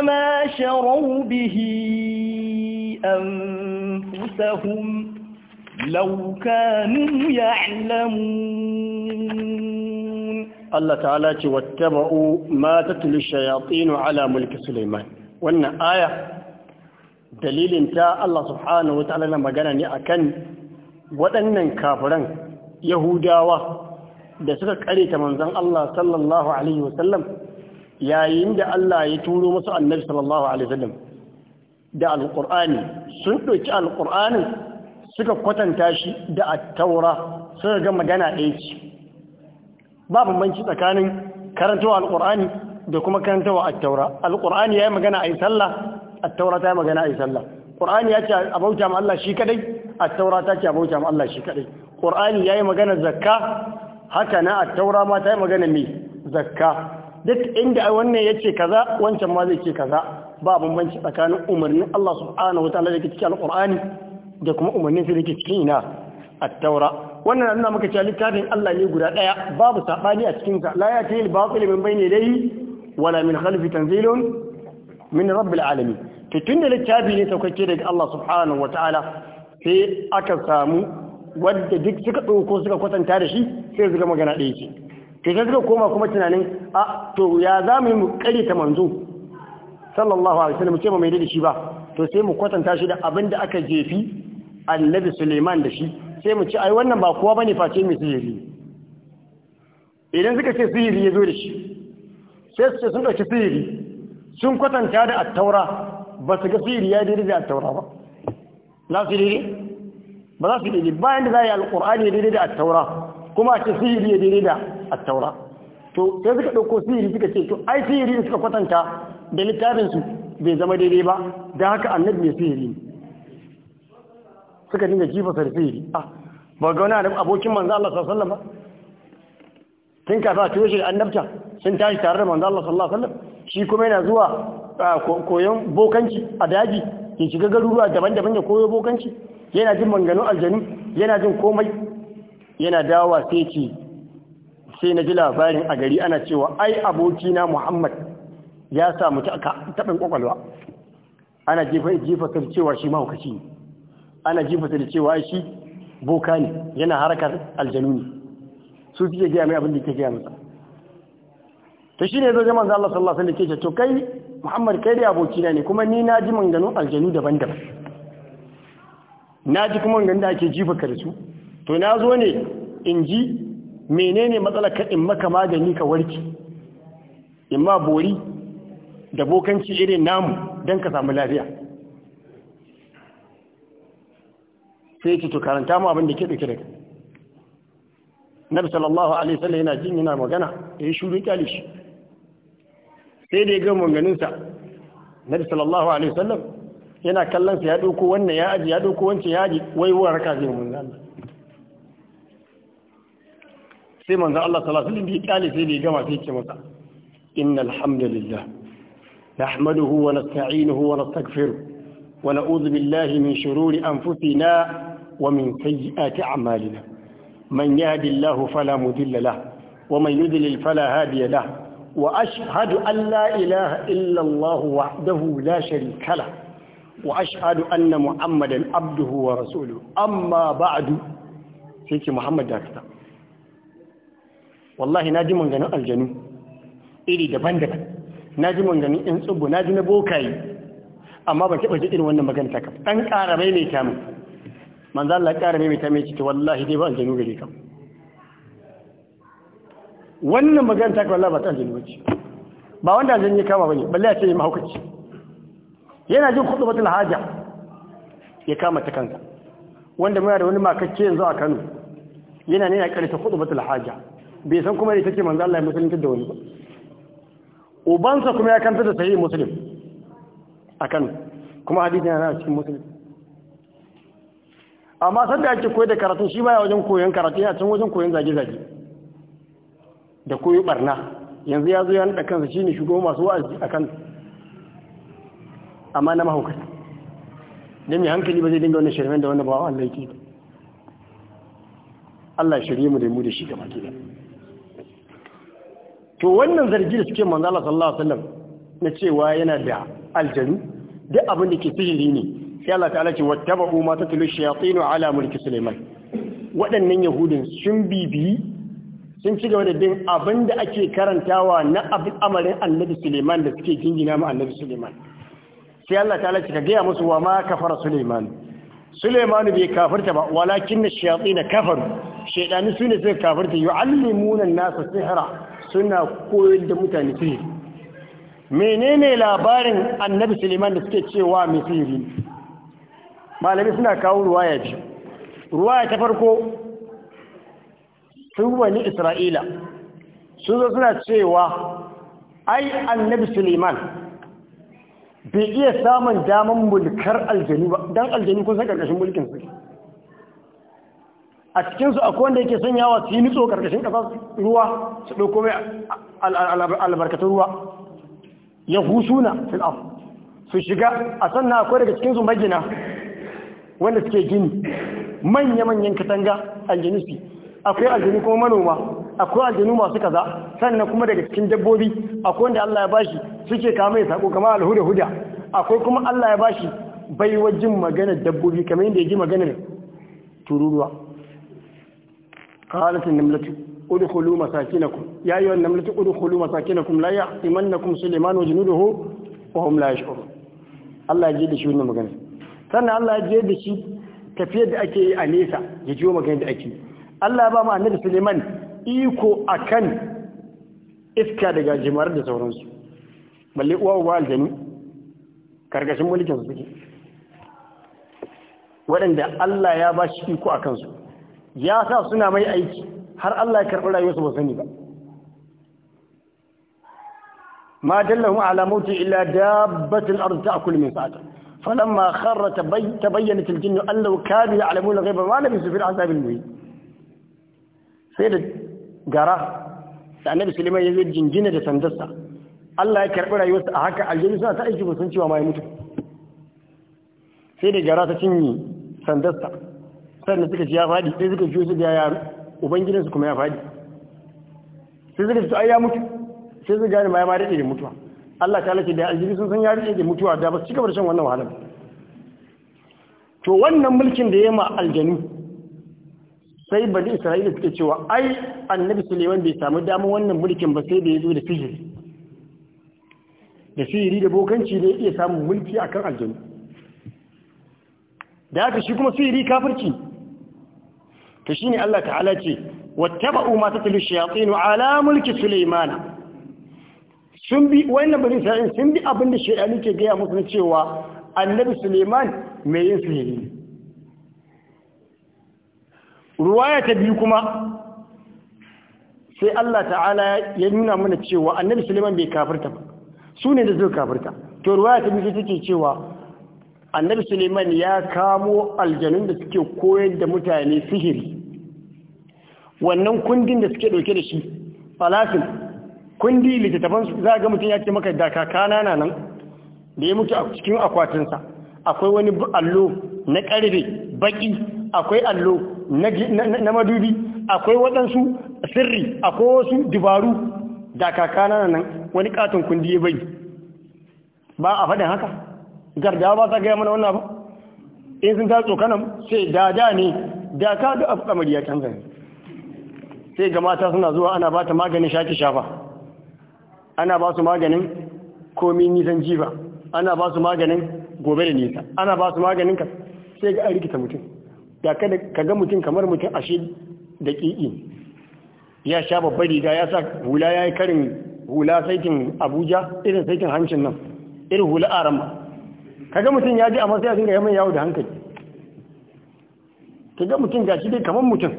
ما شروا به أنفسهم لو كانوا يعلمون الله تعالى واتبعوا ما تتل الشياطين على ملك سليمان وأن آية dalilin ta Allah subhanahu wa ta'ala na magana ne akan waɗannan kafiran yahudawa da suka ta manzon Allah sallallahu alaihi wasallam yayin da Allah ya turo musu annabi sallallahu alaihi wasallam da alqur'ani sun ɗauki alqur'anin suka kwatanta shi da at-taura suka ga magana ɗaya ce babu banci tsakanin karantawa alqur'ani da kuma karantawa at-taura alqur'ani yayi magana ayi sallah at-taura ta magana ai sallah qur'ani ya ce a bauta ma Allah shi kadai at-taura ta ce a bauta ma Allah shi kadai qur'ani yayi magana zakka haka na at-taura ma ta yi magana me zakka duk inda wannan ce kaza wancan ma zai ce kaza ba bambanci tsakanin umarnin Allah subhanahu wataala da ke cikin al-qur'ani da kuma umarnin sa da ke cikin ina at wannan nuna muka cewa littafin Allah ne guda ɗaya babu saɓani a cikinsa la ya ta yi batil min bayni dai wala min khalfi tanzilun min rabbil alamin to tun da littafi ne saukake daga Allah subhanahu wa ta'ala sai aka samu wadda duk suka ɗauko suka kwatanta da shi sai suka magana ɗaya ce to sai suka koma kuma tunanin a to ya za mu yi mu ta manzo sallallahu alaihi wasallam ce ba mai da shi ba to sai mu kwatanta shi da abin da aka jefi annabi Suleiman da shi sai mu ce ai wannan ba kowa bane face mai sihiri idan suka ce sihiri ya zo da shi sai su ce sun ɗauki sihiri sun kwatanta da attaura ba su ga siri ya daidai da attaura ba za su daidai ba za su daidai bayan da za a yi alƙur'ani ya daidai da attaura kuma a ce siri ya daidai da attaura to sai suka ɗauko siri suka ce to ai siri da suka kwatanta da littafinsu bai zama daidai ba da haka annabi mai siri ne suka dinga jifasa da siri ah ba ga wani abokin manzo Allah sallallahu alaihi wasallam ba tun kafa a ciwo shi da annabta sun tashi tare da manzo Allah sallallahu alaihi wasallam shi kuma yana zuwa koyon bokanci a daji ya shiga garuruwa daban-daban ya koyo bokanci yana jin manganu aljanu yana jin komai yana dawa sai ce sai na ji labarin a gari ana cewa ai abokina muhammad ya samu taɓin ƙwaƙwalwa ana jefa ta cewa shi mahaukaci ne ana jefa ta cewa shi boka ne yana harkar aljanu ne su suke gaya mai abin da ke gaya masa to shine yazo ga manzo Allah sallallahu alaihi wasallam ce to kai Muhammad kai dai abokina ne kuma ni na ji manganun aljanu daban-daban na ji kuma manganun da ake jifa ka da su to na zo ne in ji menene matsalar ka in maka magani ka warke in ma bori da bokanci irin namu don ka samu lafiya sai ki to karanta mu abin da ke dauke da kai nabi sallallahu alaihi wasallam yana jin yana magana eh shuru kyalishi sai da ya ga na nabi sallallahu alaihi wasallam yana kallon sa ya dauko wannan ya aji ya dauko wancan ya aji wai wa raka zai mun Allah sai manzo Allah sallallahu alaihi wasallam bi kale sai da ya gama sai ya ce masa innal hamdalillah nahmaduhu wa nasta'inuhu wa nastaghfiruh wa na'udhu billahi min shururi anfusina ومن سيئات أعمالنا من يهد الله فلا مذل له ومن يذلل فلا هادي له wa ashhadu an la ilaha illallah wahdahu la sharika la wa ashhadu anna muhammadan abduhu wa rasuluhu amma ba'du sai muhammad da fita wallahi naji manganin aljanu iri daban-daban naji manganin in tsubbu naji na bokayi amma ba taba ji irin wannan magana ta kan dan karamai ne ta mun manzo Allah karamai ne ta mai ci wallahi dai ba aljanu gare ka wannan magana ta kawai ba ta aljanu bace ba wanda aljanu ya kama bane balle ya ce ya mahaukaci yana jin batun haja ya kama ta kanka wanda muna da wani makakke yanzu a Kano yana ne ya kudu batun haja bai san kuma ita ce manzo lai ya musulunta da wani ba ubansa kuma ya kanta da sahihin musulun a Kano kuma hadisi yana cikin musulun amma sanda ake koyar da karatu shi baya wajen koyon karatu yana cikin wajen koyon zage-zage da koyi barna yanzu ya zo ya naɗa kansa shi ne shugo masu wa'azi a kan amma na mahaukata da mai hankali ba zai dinga wani shirmen da wani ba wa'an yake ba Allah shirye mu da mu da shi gaba ke to wannan zargi da suke manzala sallallahu alaihi wasallam na cewa yana da aljanu duk abin da ke sihiri ne sai Allah ta'ala ce wattaba'u ma tatlu shayatinu ala mulki Sulaiman waɗannan yahudin sun bibiyi sun ci gaba da bin abin da ake karantawa na abin amarin annabi suleiman da suke jingina ma annabi suleiman sai Allah ta lalace ka gaya musu wa ma kafara suleiman suleiman bai kafarta ba walakin na shayatsi na kafar shaidani su ne suka kafirta yi alimunan nasa sihira suna koyar da mutane sihiri menene labarin annabi suleiman da suke cewa mai sihiri malami suna kawo ruwaya biyu ruwaya ta farko sun wani isra'ila sun zo suna cewa ai annabi suleiman bai iya samun daman mulkar aljanu ba don aljanu kun san karkashin mulkin su a cikinsu akwai wanda yake son yawa su yi nitso karkashin ƙasar ruwa su ɗauko mai albarkatun ruwa ya husuna fil'af su shiga a sannan akwai daga cikinsu magina wanda suke gini manya-manyan katanga aljanu su akwai aljini kuma manoma akwai aljini masu kaza sannan kuma daga cikin dabbobi akwai wanda Allah ya bashi suke kama ya sako kamar alhuda huda akwai kuma Allah ya bashi bai wajin magana dabbobi kamar yadda ya ji ne tururuwa qalat an-namlatu udkhulu masakinakum ya ayyuhan namlatu udkhulu masakinakum la ya'timannakum sulaiman wa junuduhu wa hum la yash'urun Allah ya ji da shi wannan magana sannan Allah ya ji da shi tafiyar da ake yi a nesa ya ji magana da ake yi Allah ba mu annabi Suleiman iko akan iska daga jimar da sauransu balle uwa uwa aljanu karkashin mulkin su suke waɗanda Allah ya ba shi iko akan su ya sa suna mai aiki har Allah ya karɓi rayuwarsu ba sani ba ما دلهم على موت إلا دابة الأرض تأكل من ساعته فلما خر تبي تبينت الجن أن لو كانوا يعلمون الغيب ما لبثوا في العذاب المهين sai da gara da annabi suleiman ya zai jinjina da sandarsa Allah ya karɓi rayuwarsa a haka aljanu suna ta aiki ba cewa ma ya mutu sai da gara ta cinye sandarsa sannan suka ci ya faɗi sai suka ciyo su ga ya ubangidansu kuma ya faɗi sai suka su ya mutu sai su gane ma ya mara da mutuwa Allah ta lake da aljiri sun san ya rike da mutuwa da ba su da shan wannan wahala to wannan mulkin da ya ma aljanu sai bani isra'ila suke cewa ai annabi suleiman bai samu damar wannan mulkin ba sai da ya zo da sihiri da sihiri da bokanci ne iya samun mulki akan aljanu da haka shi kuma sihiri kafirci to shine Allah ta'ala ce wattaba'u ma tatlu shayatin ala mulki suleiman sun bi wannan bani isra'ila sun bi abin da ke gaya musu cewa annabi suleiman mai yin sihiri ruwaya ta biyu kuma sai Allah ta'ala ya nuna mana cewa annabi Suleiman bai kafirta ba su ne da zai kafirta to ruwaya ta biyu take cewa annabi Suleiman ya kamo aljanun da suke koyar da mutane sihiri wannan kundin da suke dauke da shi falafin kundi littattafan za ga mutum ya ce maka da kakana na nan da ya mutu a cikin akwatinsa akwai wani allo na karfe baƙi, akwai allo na madubi akwai waɗansu sirri akwai wasu dubaru da kakana nan wani katon kundi ya bai ba a faɗin haka garda ba ta gaya mana wannan ba in sun ta tsokanan sai da da ne da ka da abu kamar ya canza ne sai ga mata suna zuwa ana ba ta maganin shaki shafa ana ba su maganin komi nisan jiba ana ba su maganin gobe da nisa ana ba su maganin ka sai ga an rikita mutum da kada ka ga mutum kamar mutum ashe da ƙi'i ya sha babbar riga ya sa hula ya yi karin hula saitin abuja irin saitin hancin nan irin hula arama ga mutum ya ji a masu yasin ga yamin yawo da hankali ka ga mutum gashi dai kamar mutum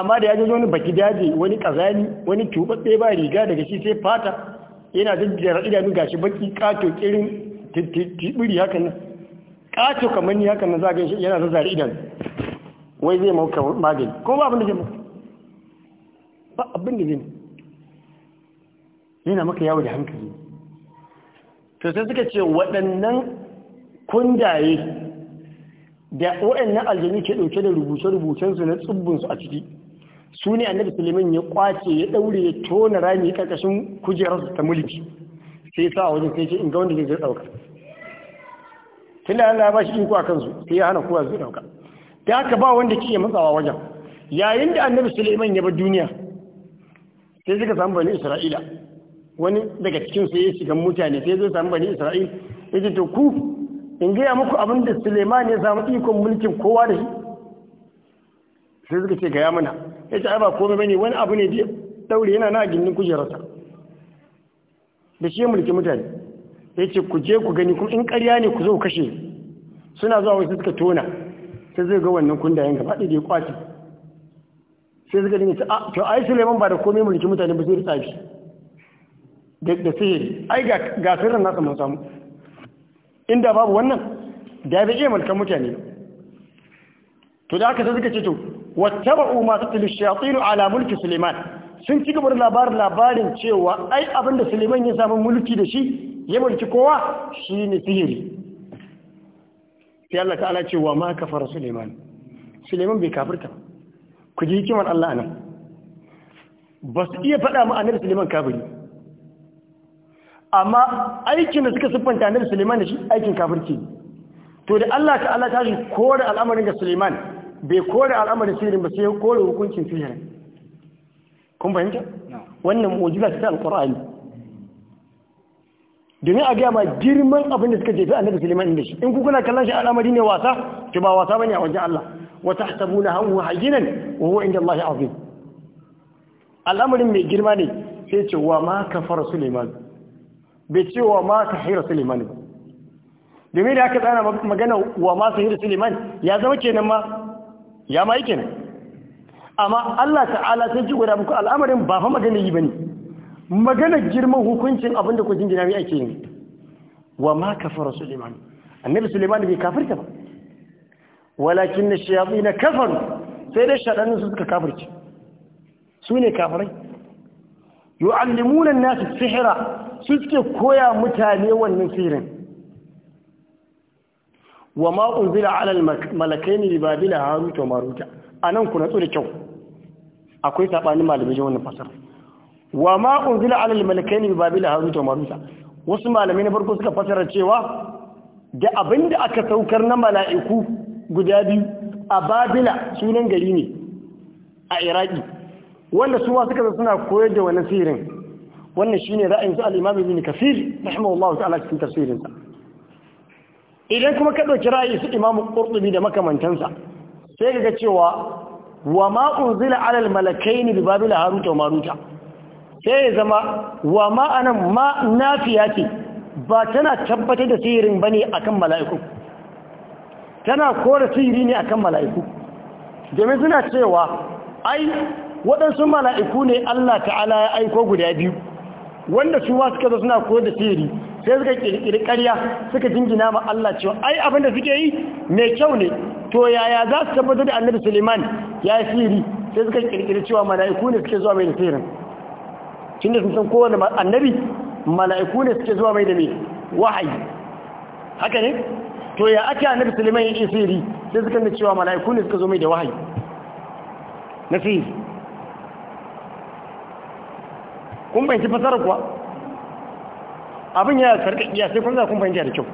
amma da ya ji wani baki daji wani kazani wani tubatse ba riga daga shi sai fata yana jajjera idanu gashi baki kato kirin tibiri hakan nan kato kamar ni hakan nan za ga yana zazzare idanu wai zai mauka magani ko ba abin da zai mauka ba abin da zai mauka yana maka yawo da hankali to sai suka ce waɗannan kundaye da waɗannan aljanu ke ɗauke da rubuce-rubucensu na tsibbinsu a ciki su ne annabi suleiman ya kwace ya ɗaure ya tona rami ƙarƙashin kujerarsa ta mulki sai sa a wajen sai ce in ga wanda zai zai ɗauka tun da Allah ya ba shi a kansu sai ya hana kowa zai ɗauka da haka ba wanda ke matsawa wajen yayin da annabi suleiman ya bar duniya sai suka samu bani isra'ila wani daga cikin sai ya shiga mutane sai zai samu bani isra'il ya ce to ku in gaya muku abin da suleiman ya samu ikon mulkin kowa da shi sai suka ce gaya mana ya ce ai ba komai bane wani abu ne da daure yana na gindin kujerarsa da shi mulki mutane ya ce ku je ku gani kuma in ƙarya ne ku zo kashe suna zuwa wasu suka tona sai zai ga wannan kundayen gaba ɗaya da ya kwace sai suka dinga ce a ah, to ai Suleiman ba da komai mulki mutane ba zai tsafi da sihiri ai ga sirrin nasa mun samu inda babu wannan da ya iya mulkan mutane to da aka sai ce to wattaba'u ma tatlu shayatin ala mulki Suleiman sun ci gaba da labarin labarin cewa ai abinda Suleiman ya samu mulki da shi ya mulki kowa shine sihiri sai Allah ta'ala ce wa ma kafara Suleiman Suleiman bai kafirta ku ji hikimar Allah nan ba su iya faɗa mu annabi Suleiman kafiri amma aikin da suka siffanta annabi Suleiman da shi aikin kafirci to da Allah ta'ala ta tashi kore al'amarin ga Suleiman bai kore al'amarin sirrin ba sai ya kore hukuncin sirrin kun fahimta wannan mu'jiza ta alqur'ani domin a gaya ma girman abinda da suka jefi annabi Suleiman inda shi in ku kuna kallon shi al'amari ne wasa to ba wasa bane a wajen Allah wa tahsabuna hu hayyinan wa huwa inda Allah azim al'amarin mai girma ne sai ce wa ma kafara Suleiman bai ce wa ma kahira Suleiman ba domin da aka tsana magana wa ma kahira Suleiman ya zama kenan ma ya ma kenan amma Allah ta'ala sai ji guda muku al'amarin ba fa magana yi bane maganar girman hukuncin abin da ku jingina ake yi wa ma kafara Suleiman annabi Suleiman bai kafirta ba walakin na shayabi na kafaru sai dai shaɗanin su suka kafirci su ne kafirai yu'allimunan nasu sihira su suke koya mutane wannan sihirin wa ma unzila ala malakaini li babila haruta maruta anan ku natsu da kyau akwai sabanin malamai wajen wannan fasar wa ma unzila ala al-malakaini bi babila harut wa marut wasu malamai na farko suka fasara cewa da abinda aka saukar na mala'iku guda biyu a babila sunan gari ne a iraki wanda su ma suka suna koyar da wani sirrin wannan shine ra'ayin su al-imam ibn kafir rahimahullahu ta'ala cikin tafsirin sa idan kuma ka dauki ra'ayi su imam qurtubi da makamantansa sai kaga cewa wa ma unzila ala al-malakaini bi babila harut wa marut sai ya zama wa ma'anan ma fiya ce ba tana tabbatar da sihirin ba ne a kan mala'iku tana kora sihiri ne a kan mala'iku domin suna cewa ai waɗansu mala'iku ne Allah ta'ala ya aiko guda biyu wanda su ma suka zo suna koyar da sihiri sai suka ƙirƙiri ƙarya suka jingina ma Allah cewa ai abin da suke yi mai kyau ne to yaya za su tabbatar da annabi suleiman ya yi sihiri sai suka ƙirƙiri cewa mala'iku ne suke zuwa mai da sihirin tun da sun san kowane annabi mala'iku ne suke zuwa mai da ne wahayi haka ne to ya ake annabi suleiman ya isiri sai suka da cewa mala'iku ne suka zo mai da wahayi na sihiri kun fahimci fasara kuwa abin ya sarƙaƙiya sai kun za kun fahimci da kyau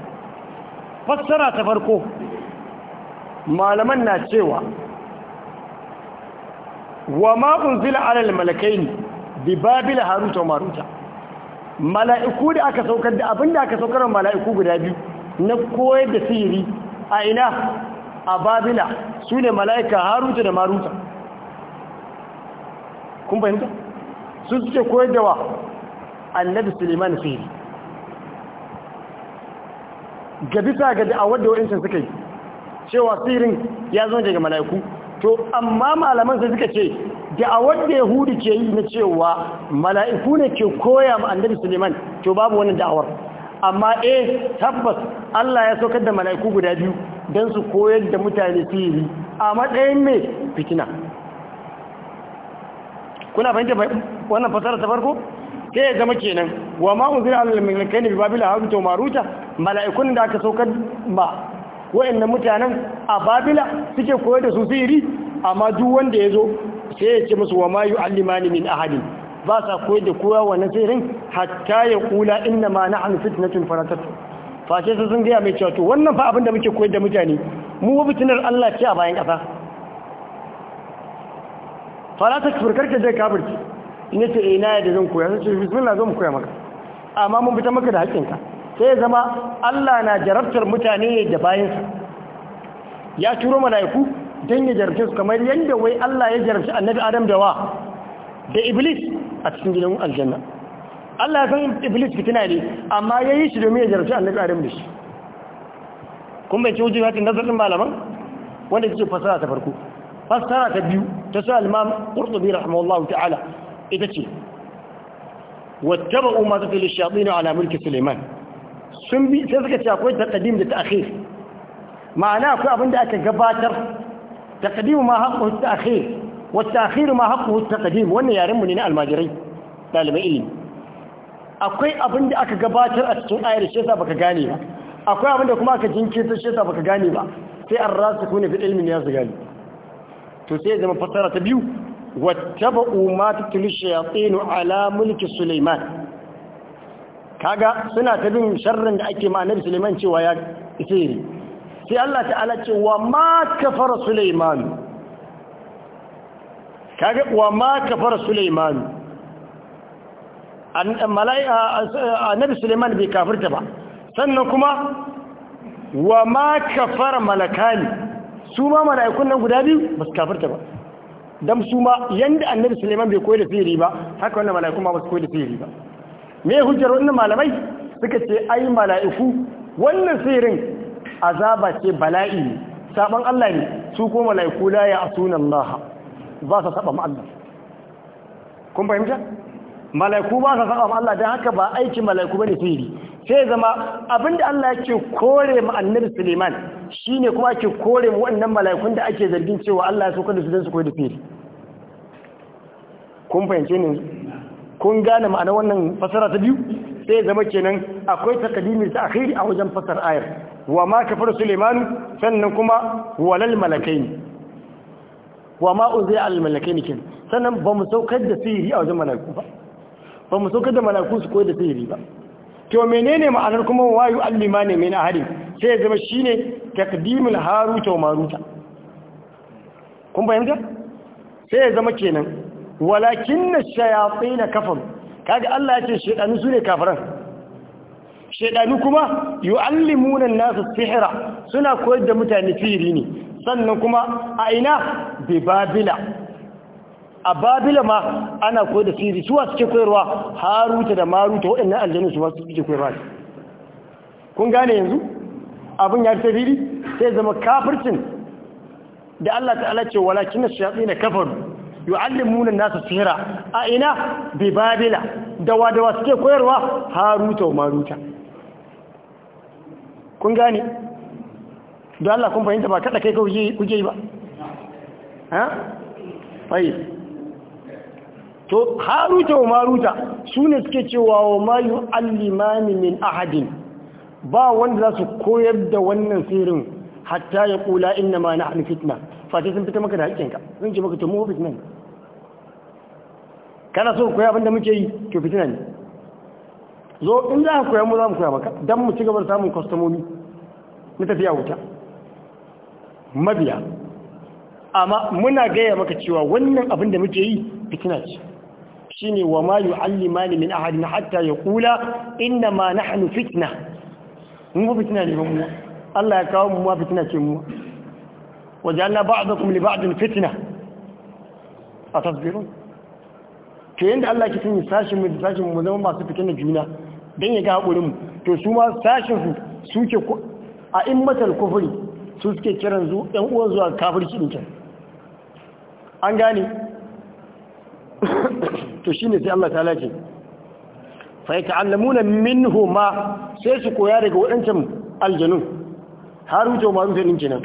fassara ta farko malaman na cewa wa ma'un zila alal malakai ne bi babila haruta maruta mala'iku da aka saukar da abinda aka saukar da mala'iku guda biyu na koyar da sihiri a ina a babila su ne mala'ika haruta da maruta kun fahimta su suke koyar da wa annabi suleiman sihiri ga bisa ga da'awar da wa'incin suka yi cewa sihirin ya zo daga mala'iku to amma malaman sai suka ce da wanda yahudi ke yi na cewa mala'iku ne ke koya ma suleiman to babu wani da'awar amma e, tabbas Allah ya saukar da mala'iku guda biyu don su koyar da mutane sihiri a matsayin mai fitina kuna fahimta wannan fasara ta farko sai ya zama kenan wa ma unzira alal malaikani bi babila hazu to maruta mala'ikun da aka saukar ba na mutanen a babila suke koyar da su sihiri amma duk wanda ya zo sai ya ce musu wa ma yu'allimani min ahadin ba sa koyi da kowa wannan sirrin hatta ya kula inna ma na'am fitnatun faratatu Fashe su sun gaya mai cewa to wannan fa abin da muke koyar da mutane mu fitinar Allah ce a bayan ƙasa ta furkarka da kafirci in ce eh na yadda zan koya sun ce bismillah zan koya maka amma mun fita maka da haƙƙinka sai ya zama Allah na jarabtar mutane da bayansa ya turo mala'iku don ya jarfe su kamar yadda wai Allah ya jarfe annabi Adam da wa da Iblis a cikin gidan aljanna Allah ya san Iblis fitina ne amma ya yi shi domin ya jarfe annabi Adam da shi kun bai ci wuce hatin nazarin malaman wanda suke fasara ta farko fasara ta biyu ta sa al-Imam Qurtubi rahimahullahu ta'ala ita ce wattaba'u ma tatil fili shayatin ala mulki Sulaiman sun bi sai suka ce akwai taqdim da ta'khir ma'ana akwai abin da aka gabatar taqdimu ma haqqu at-ta'khir wa at ma haqqu at-taqdim wannan yaren mu ne na almajirai dalibai ilimi akwai abin da aka gabatar a cikin ayar shi yasa baka gane ba akwai abin da kuma aka jinkirta shi yasa baka gane ba sai ar-rasikuna fil ilmi ya su gane to sai zama fasara ta biyu wattaba'u ma tutlu shayatin ala mulki sulaiman kaga suna ta bin sharrin da ake ma annabi sulaiman cewa ya isiri sai Allah ta'ala ce wa ma kafara Sulaiman kage wa ma kafara Sulaiman annabi Sulaiman bai kafirta ba sannan kuma wa ma kafara malakani su ma mala'ikun nan guda biyu ba su kafirta ba dan su ma yanda annabi Sulaiman bai koyi da sihiri ba haka wannan mala'ikun ma ba su koyi da sihiri ba me hujjar wannan malamai suka ce ai mala'iku wannan sihirin azaba ce bala'i ne saban Allah ne su ko mala'iku la ya asuna Allah ba sa saba ma Allah kun fahimta mala'iku ba sa saba ma Allah dan haka ba aikin mala'iku bane sihiri sai zama abinda Allah yake kore mu annabi Suleiman shine kuma ke kore mu wannan mala'ikun da ake zargin cewa Allah ya so kada su dan su koyi da yi. kun fahimce ne kun gane ma'ana wannan fasara ta biyu sai zama kenan akwai takadimin ta akhiri a wajen fasar ayar wa ma kafar Suleiman sannan kuma walal malakai wa ma uzai al malakai kin sannan ba mu saukar da sihiri a wajen malaku ba ba mu saukar da malaku su koyar da sihiri ba to menene ma'anar kuma wayu allima ne min ahadin sai zama shine takdimul haruta wa maruta kun bayyana sai ya zama kenan walakin na shayatsi na kaga Allah ya ce shaidanu su ne kafiran shaidanu kuma yu'allimuna an nasu sihira suna koyar da mutane sihiri ne sannan kuma a ina bi babila a babila ma ana koyar da sihiri suwa suke koyarwa haruta da maruta waɗannan aljanu su wasu suke koyarwa kun gane yanzu abin ya fi sai zama kafircin da Allah ta'ala ce walakin ash-shayatin kafaru yu'allimuna nasu sihira a ina bi babila dawa dawa suke koyarwa haruta wa maruta kun gane don Allah kun fahimta ba kada kai ka kuje ba ha bai to haruta wa maruta sune suke cewa wa ma yu'allimani min ahadin ba wanda za su koyar da wannan sirrin hatta ya kula inna ma na'nu fitna fa sun fita maka da hakinka sun ce maka to mu fitna ne kana so koya abinda muke yi to fitina ne zo in za ka koya mu za mu koya maka Dan mu ci gaba da samun kwastomomi na tafiya wuta mabiya amma muna gaya maka cewa wannan abin da muke yi fitina ce shi ne wa ma yu'allimani min ahadin hatta ya kula inda ma nahnu fitna mu fitina ne mu Allah ya kawo mu ma fitina ce mu wajen na ba'dakum li fitina a atasbirun to yanda Allah ke sanya sashin mu da sashin mu zama masu fitan da juna dan ya ga hakurin mu to su ma sashin su suke a immatal kufri su suke kiran zu ɗan uwan zuwa kafirci din an gane to shine sai Allah ta'ala ce fa yata'allamuna minhuma sai su koya daga wadancan aljanun haruto ma zuwa din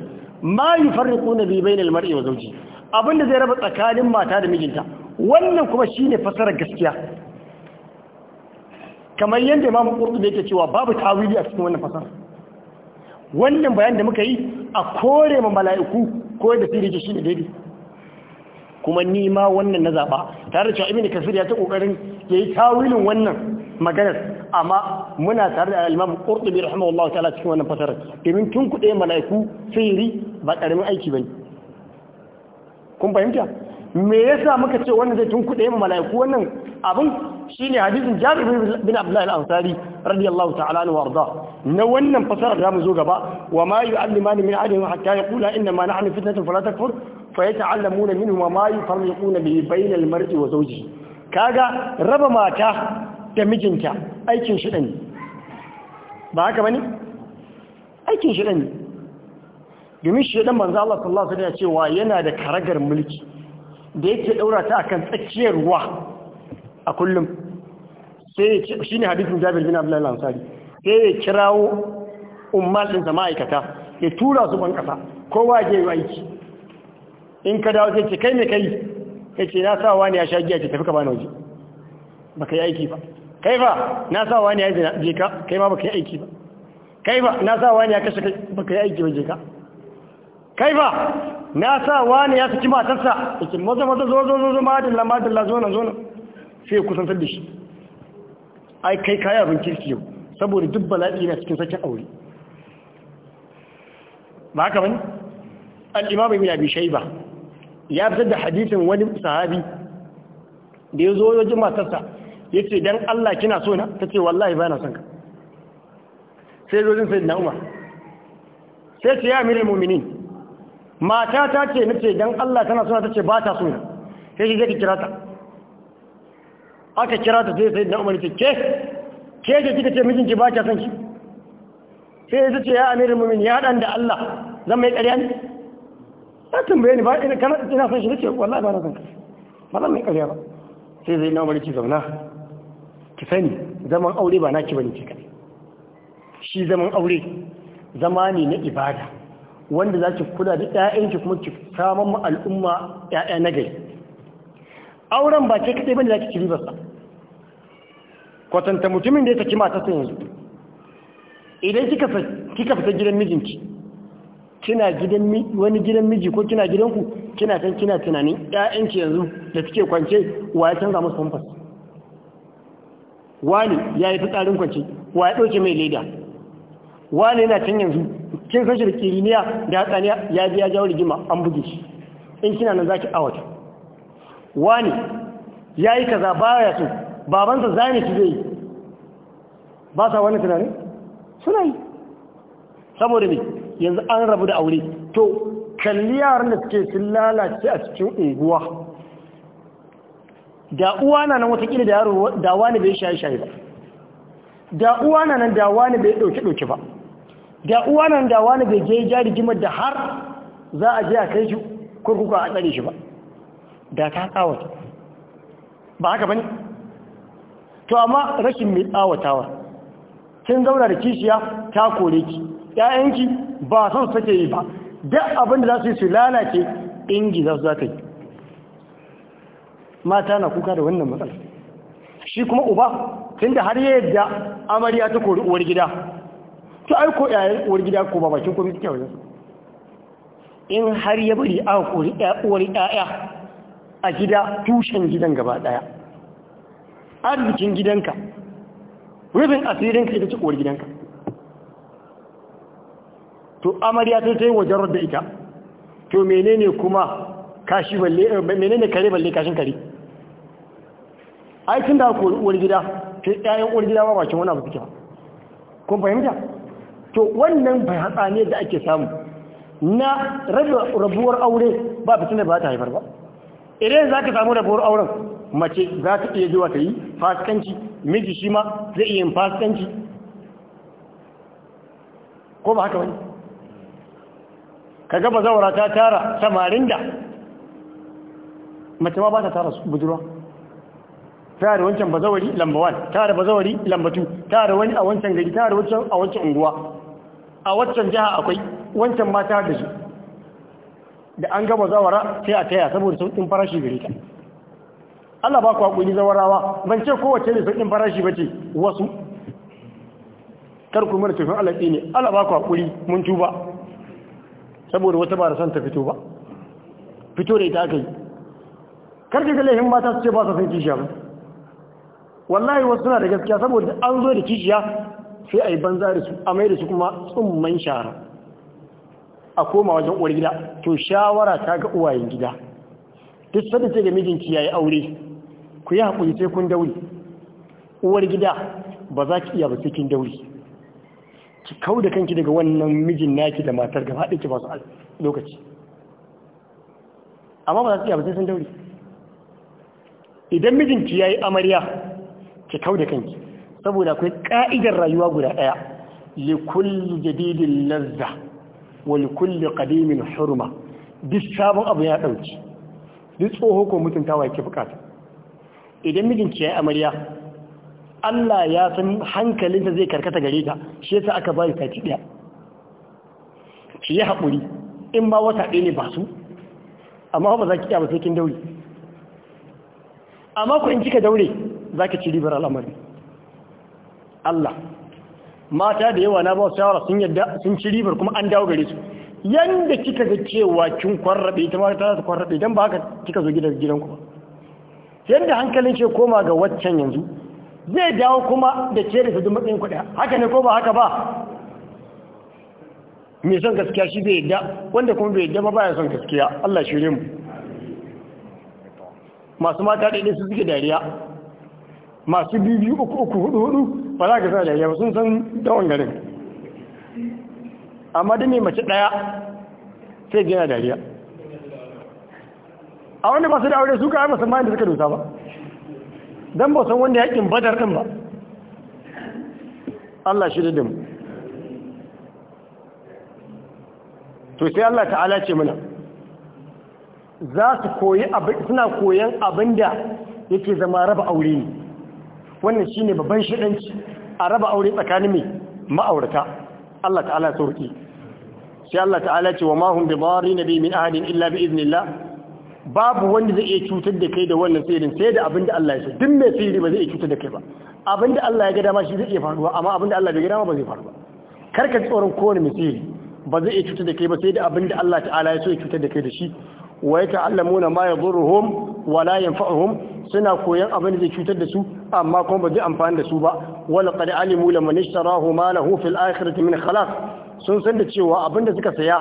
ma yufarriquna bi bainal mar'i wa zawji abinda zai raba tsakanin mata da mijinta wannan kuma shine fasarar gaskiya kamar yadda Imam Qurtubi yake cewa babu tawili a cikin wannan fasara wannan bayan da muka yi a kore ma mala'iku ko da rike shi ne daidai kuma ni wannan na zaɓa tare da cewa imini kasir ya ta ƙoƙarin ya yi tawilin wannan maganar amma muna tare da al-Imam Qurtubi rahimahullahu ta'ala cikin wannan fasara domin tun kuɗe mala'iku sirri ba karamin aiki ba ne, kun fahimta me yasa muka ce wannan zai tun kuɗe mala'iku wannan abin shine hadisin Jabir bin Abdullah al-Ansari radiyallahu ta'ala anhu warda na wannan fasara da mu zo gaba wa ma yu'allimani min ahadin hatta yaqula inna ma nahnu fitnatun fala takfur fa yata'allamuna minhu wa ma yufarriquna bihi bayna al-mar'i wa zawjihi kaga raba mata da mijinta aikin shi ne ba haka bane aikin shi ne domin shi dan manzo Allah sallallahu alaihi wasallam ya ce wa yana da karagar mulki da yake daura ta akan tsakiyar ruwa a kullum sai shi ne hadisin jabir bin abdullahi lansari sai ya kirawo ummal din sa ma'aikata ya tura su ban kasa kowa ya yi aiki in ka dawo sai ce kai me kai yace na sa wani ya sha giya ce tafi ka bani waje baka yi aiki ba kai fa na sa wani ya je ka kai ma baka yi aiki ba kai fa na sa wani ya kashe kai baka yi aiki ba je ka kai ba na sa wani ya saki matarsa yake maza maza zo zo zo madalla madalla zo nan zo nan sai ya kusantar da shi ai kai kayi abin kirki yau saboda duk bala'i na cikin sakin aure ba haka bane al-imam ibn abi shayba ya fitar da hadisin wani sahabi da ya zo wajen matarsa ya ce dan Allah kina so na ta ce wallahi ba na son ka sai zojin sai na umar sai ce ya amirul muminin mata ta ce nace dan Allah tana suna tace ba ta so sai shi zai kira ta aka kira ta sai sai da Umar ce ke ke ce kika ce mijinki ba ka son ki sai ta ce ya amirul mu'minin ya dan da Allah zan mai ƙarya ne ta tambaye ni ba ina kana ina son shi nace wallahi ba na son ka ba zan mai ƙarya ba sai zai na Umar ki zauna ki sani zaman aure ba naki bane ki kai shi zaman aure zama ne na ibada wanda za ki kula da 'ya'yanki kuma ki samar ma al'umma 'ya'ya na gari auren ba ke kaɗai bane za ki ci ribarsa kwatanta mutumin da ya saki matarsa yanzu idan kika fita gidan mijinki kina gidan wani gidan miji ko kina gidanku kina san kina tunanin ƴaƴanki yanzu da suke kwance wa ya canza musu famfas wani ya yi fitsarin kwance wa ya ɗauke mai leda wani yana can yanzu kin san shi da kiriniya da hatsaniya ya ji ya jawo rigima an buge shi in kina nan zaki awata wani ya yi kaza baya so babansa zane ki zai ba sa wani tunanin suna yi saboda ne yanzu an rabu da aure to kalli yaran da suke sun lalace a cikin unguwa da uwa na nan watakila da yaro da wani bai shaye-shaye ba da uwa na nan da wani bai ɗauke-ɗauke ba da uwa nan da wani bai je ja rigimar da har za a je a kai shi kurkuku a tsare shi ba da ta tsawata ba haka ba ne to amma rashin mai tsawatawa kin zauna da kishiya ta kore ki ƴaƴanki ba son take yi ba duk abin da za su yi su lalace ingi za su za ka yi mata na kuka da wannan matsala shi kuma uba Tunda da har yadda amarya ta kori uwar gida to ai ko yayin uwar gida ko ba komai suke wajen in har ya bari a kori uwar ƴaƴa a gida tushen gidan gaba daya arzikin gidanka rufin asirinka ita ce uwar gidanka to amarya ta ta yi wajen rodda ita to menene kuma kashi balle menene kare balle kashin kare ai tun da kori uwar gida to ƴaƴan uwar gida ba bakin wani abu suke ba kun fahimta to wannan bai ne da ake samu na rabuwar aure ba fitina ba ta haifar ba idan za ka samu rabuwar auren mace za ka iya zuwa ta yi fasikanci miji shi ma zai iya yin fasikanci ko ba haka wani ka gaba zaura ta tara samarin da mace ma ba ta tara su budurwa tare wancan bazawari lamba 1 tare bazawari lamba 2 tare wani a wancan gari tare wancan a wancan unguwa a waccan jiha akwai wancan mata da su da an gama zawara sai a taya saboda sauƙin farashi gare ta Allah ba ku haƙuri zawarawa ban ce kowace da sauƙin farashi ba ce wasu kar ku mara tafin alaƙi ne Allah ba ku haƙuri mun tuba saboda wata ba da son ta fito ba fito da ita aka yi kar ki ga laifin mata su ce ba su san kishiya ba wallahi wasu suna da gaskiya saboda an zo da kishiya sai a yi banza da su a mai da su kuma tsumman shara a koma wajen uwar gida to shawara ta ga uwayen gida duk sanda ce da mijinki ya yi aure ku yi hakuri sai kun dauri uwar gida ba za ki iya ba sai kin dauri ki kau da kanki daga wannan mijin naki da matar gaba ɗaya ki ba su lokaci amma ba za ki iya ba sai sun dauri idan mijinki ya yi amarya ki kau da kanki saboda akwai ka'idar rayuwa guda daya li kulli jadidin lazza wa li kulli qadimin hurma duk sabon abu ya dauki duk tsoho ko mutuntawa yake bukata idan mijinki yayi amarya Allah ya san hankalinta zai karkata gare ta shi yasa aka bayi sati daya ki yi haƙuri in ba wata ɗaya ne ba su amma ba za ki iya sai kin daure amma ku in kika daure za ci ribar al'amari Allah mata da yawa na ba su shawara sun yadda sun ci ribar kuma an dawo gare su yanda kika ga cewa kin kwarrabe ita ma ta ta kwarrabe dan ba haka kika zo gidan gidanku ba yanda hankalin ce koma ga waccan yanzu zai dawo kuma da ke da su matsayin kuɗi haka ne ko ba haka ba mai son gaskiya shi bai yadda wanda kuma bai yadda ba ya son gaskiya Allah shi mu masu mata ɗaiɗai su suke dariya masu biyu uku uku hudu hudu ba za ka sa da yau sun san dawon garin amma da ne mace ɗaya sai gina dariya a wanda ba su da aure su ka yi musamman da suka dosa ba don ba san wanda yakin badar ɗin ba Allah shi da dimu to sai Allah ta'ala ce mana za su koyi abin suna koyan abinda yake zama raba aure ne wannan shi ne babban shiɗanci. a raba aure tsakanin mai ma'aurata Allah ta'ala sauki sai Allah ta'ala ce wa mahum bi na nabi min ahadin illa bi iznillah babu wanda zai iya cutar da kai da wannan sirrin sai da abinda Allah ya so duk mai sirri ba zai iya cutar da kai ba abinda Allah ya ga dama shi zai iya faruwa amma abinda Allah bai ga dama ba zai faru ba karka tsoron kowane mai ba zai iya cutar da kai ba sai da abinda Allah ta'ala ya so ya cutar da kai da shi wa ta'allamuna ma yadhurruhum wala yanfa'uhum suna koyan abin da zai cutar da su amma kuma ba zai amfani da su ba wala qad alimu laman ishtarahu ma lahu fil akhirati min khalaq sun san da cewa abin da suka saya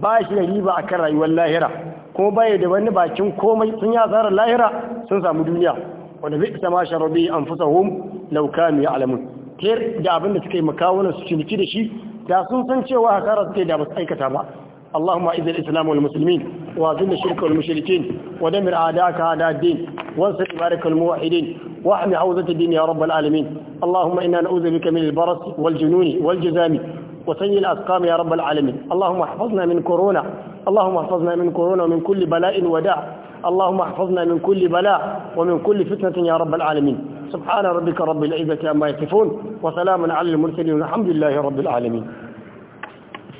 ba shi da riba akan rayuwar lahira ko ya da wani bakin komai sun ya zara lahira sun samu duniya wanda bi isa ma sharabi anfusahum law kanu ya'lamun tir da abin da suka yi makawunan su ciniki da shi da sun san cewa hasara suke da ba su aikata ba اللهم اعز الاسلام والمسلمين واذل الشرك والمشركين ودمر اعداءك اعداء الدين وانصر بارك الموحدين واحمي حوزه الدين يا رب العالمين اللهم انا نعوذ بك من البرص والجنون والجزام وسيء الأسقام يا رب العالمين اللهم احفظنا من كورونا اللهم احفظنا من كورونا ومن كل بلاء وداع اللهم احفظنا من كل بلاء ومن كل فتنة يا رب العالمين سبحان ربك رب العزة عما يصفون وسلام على المرسلين والحمد لله رب العالمين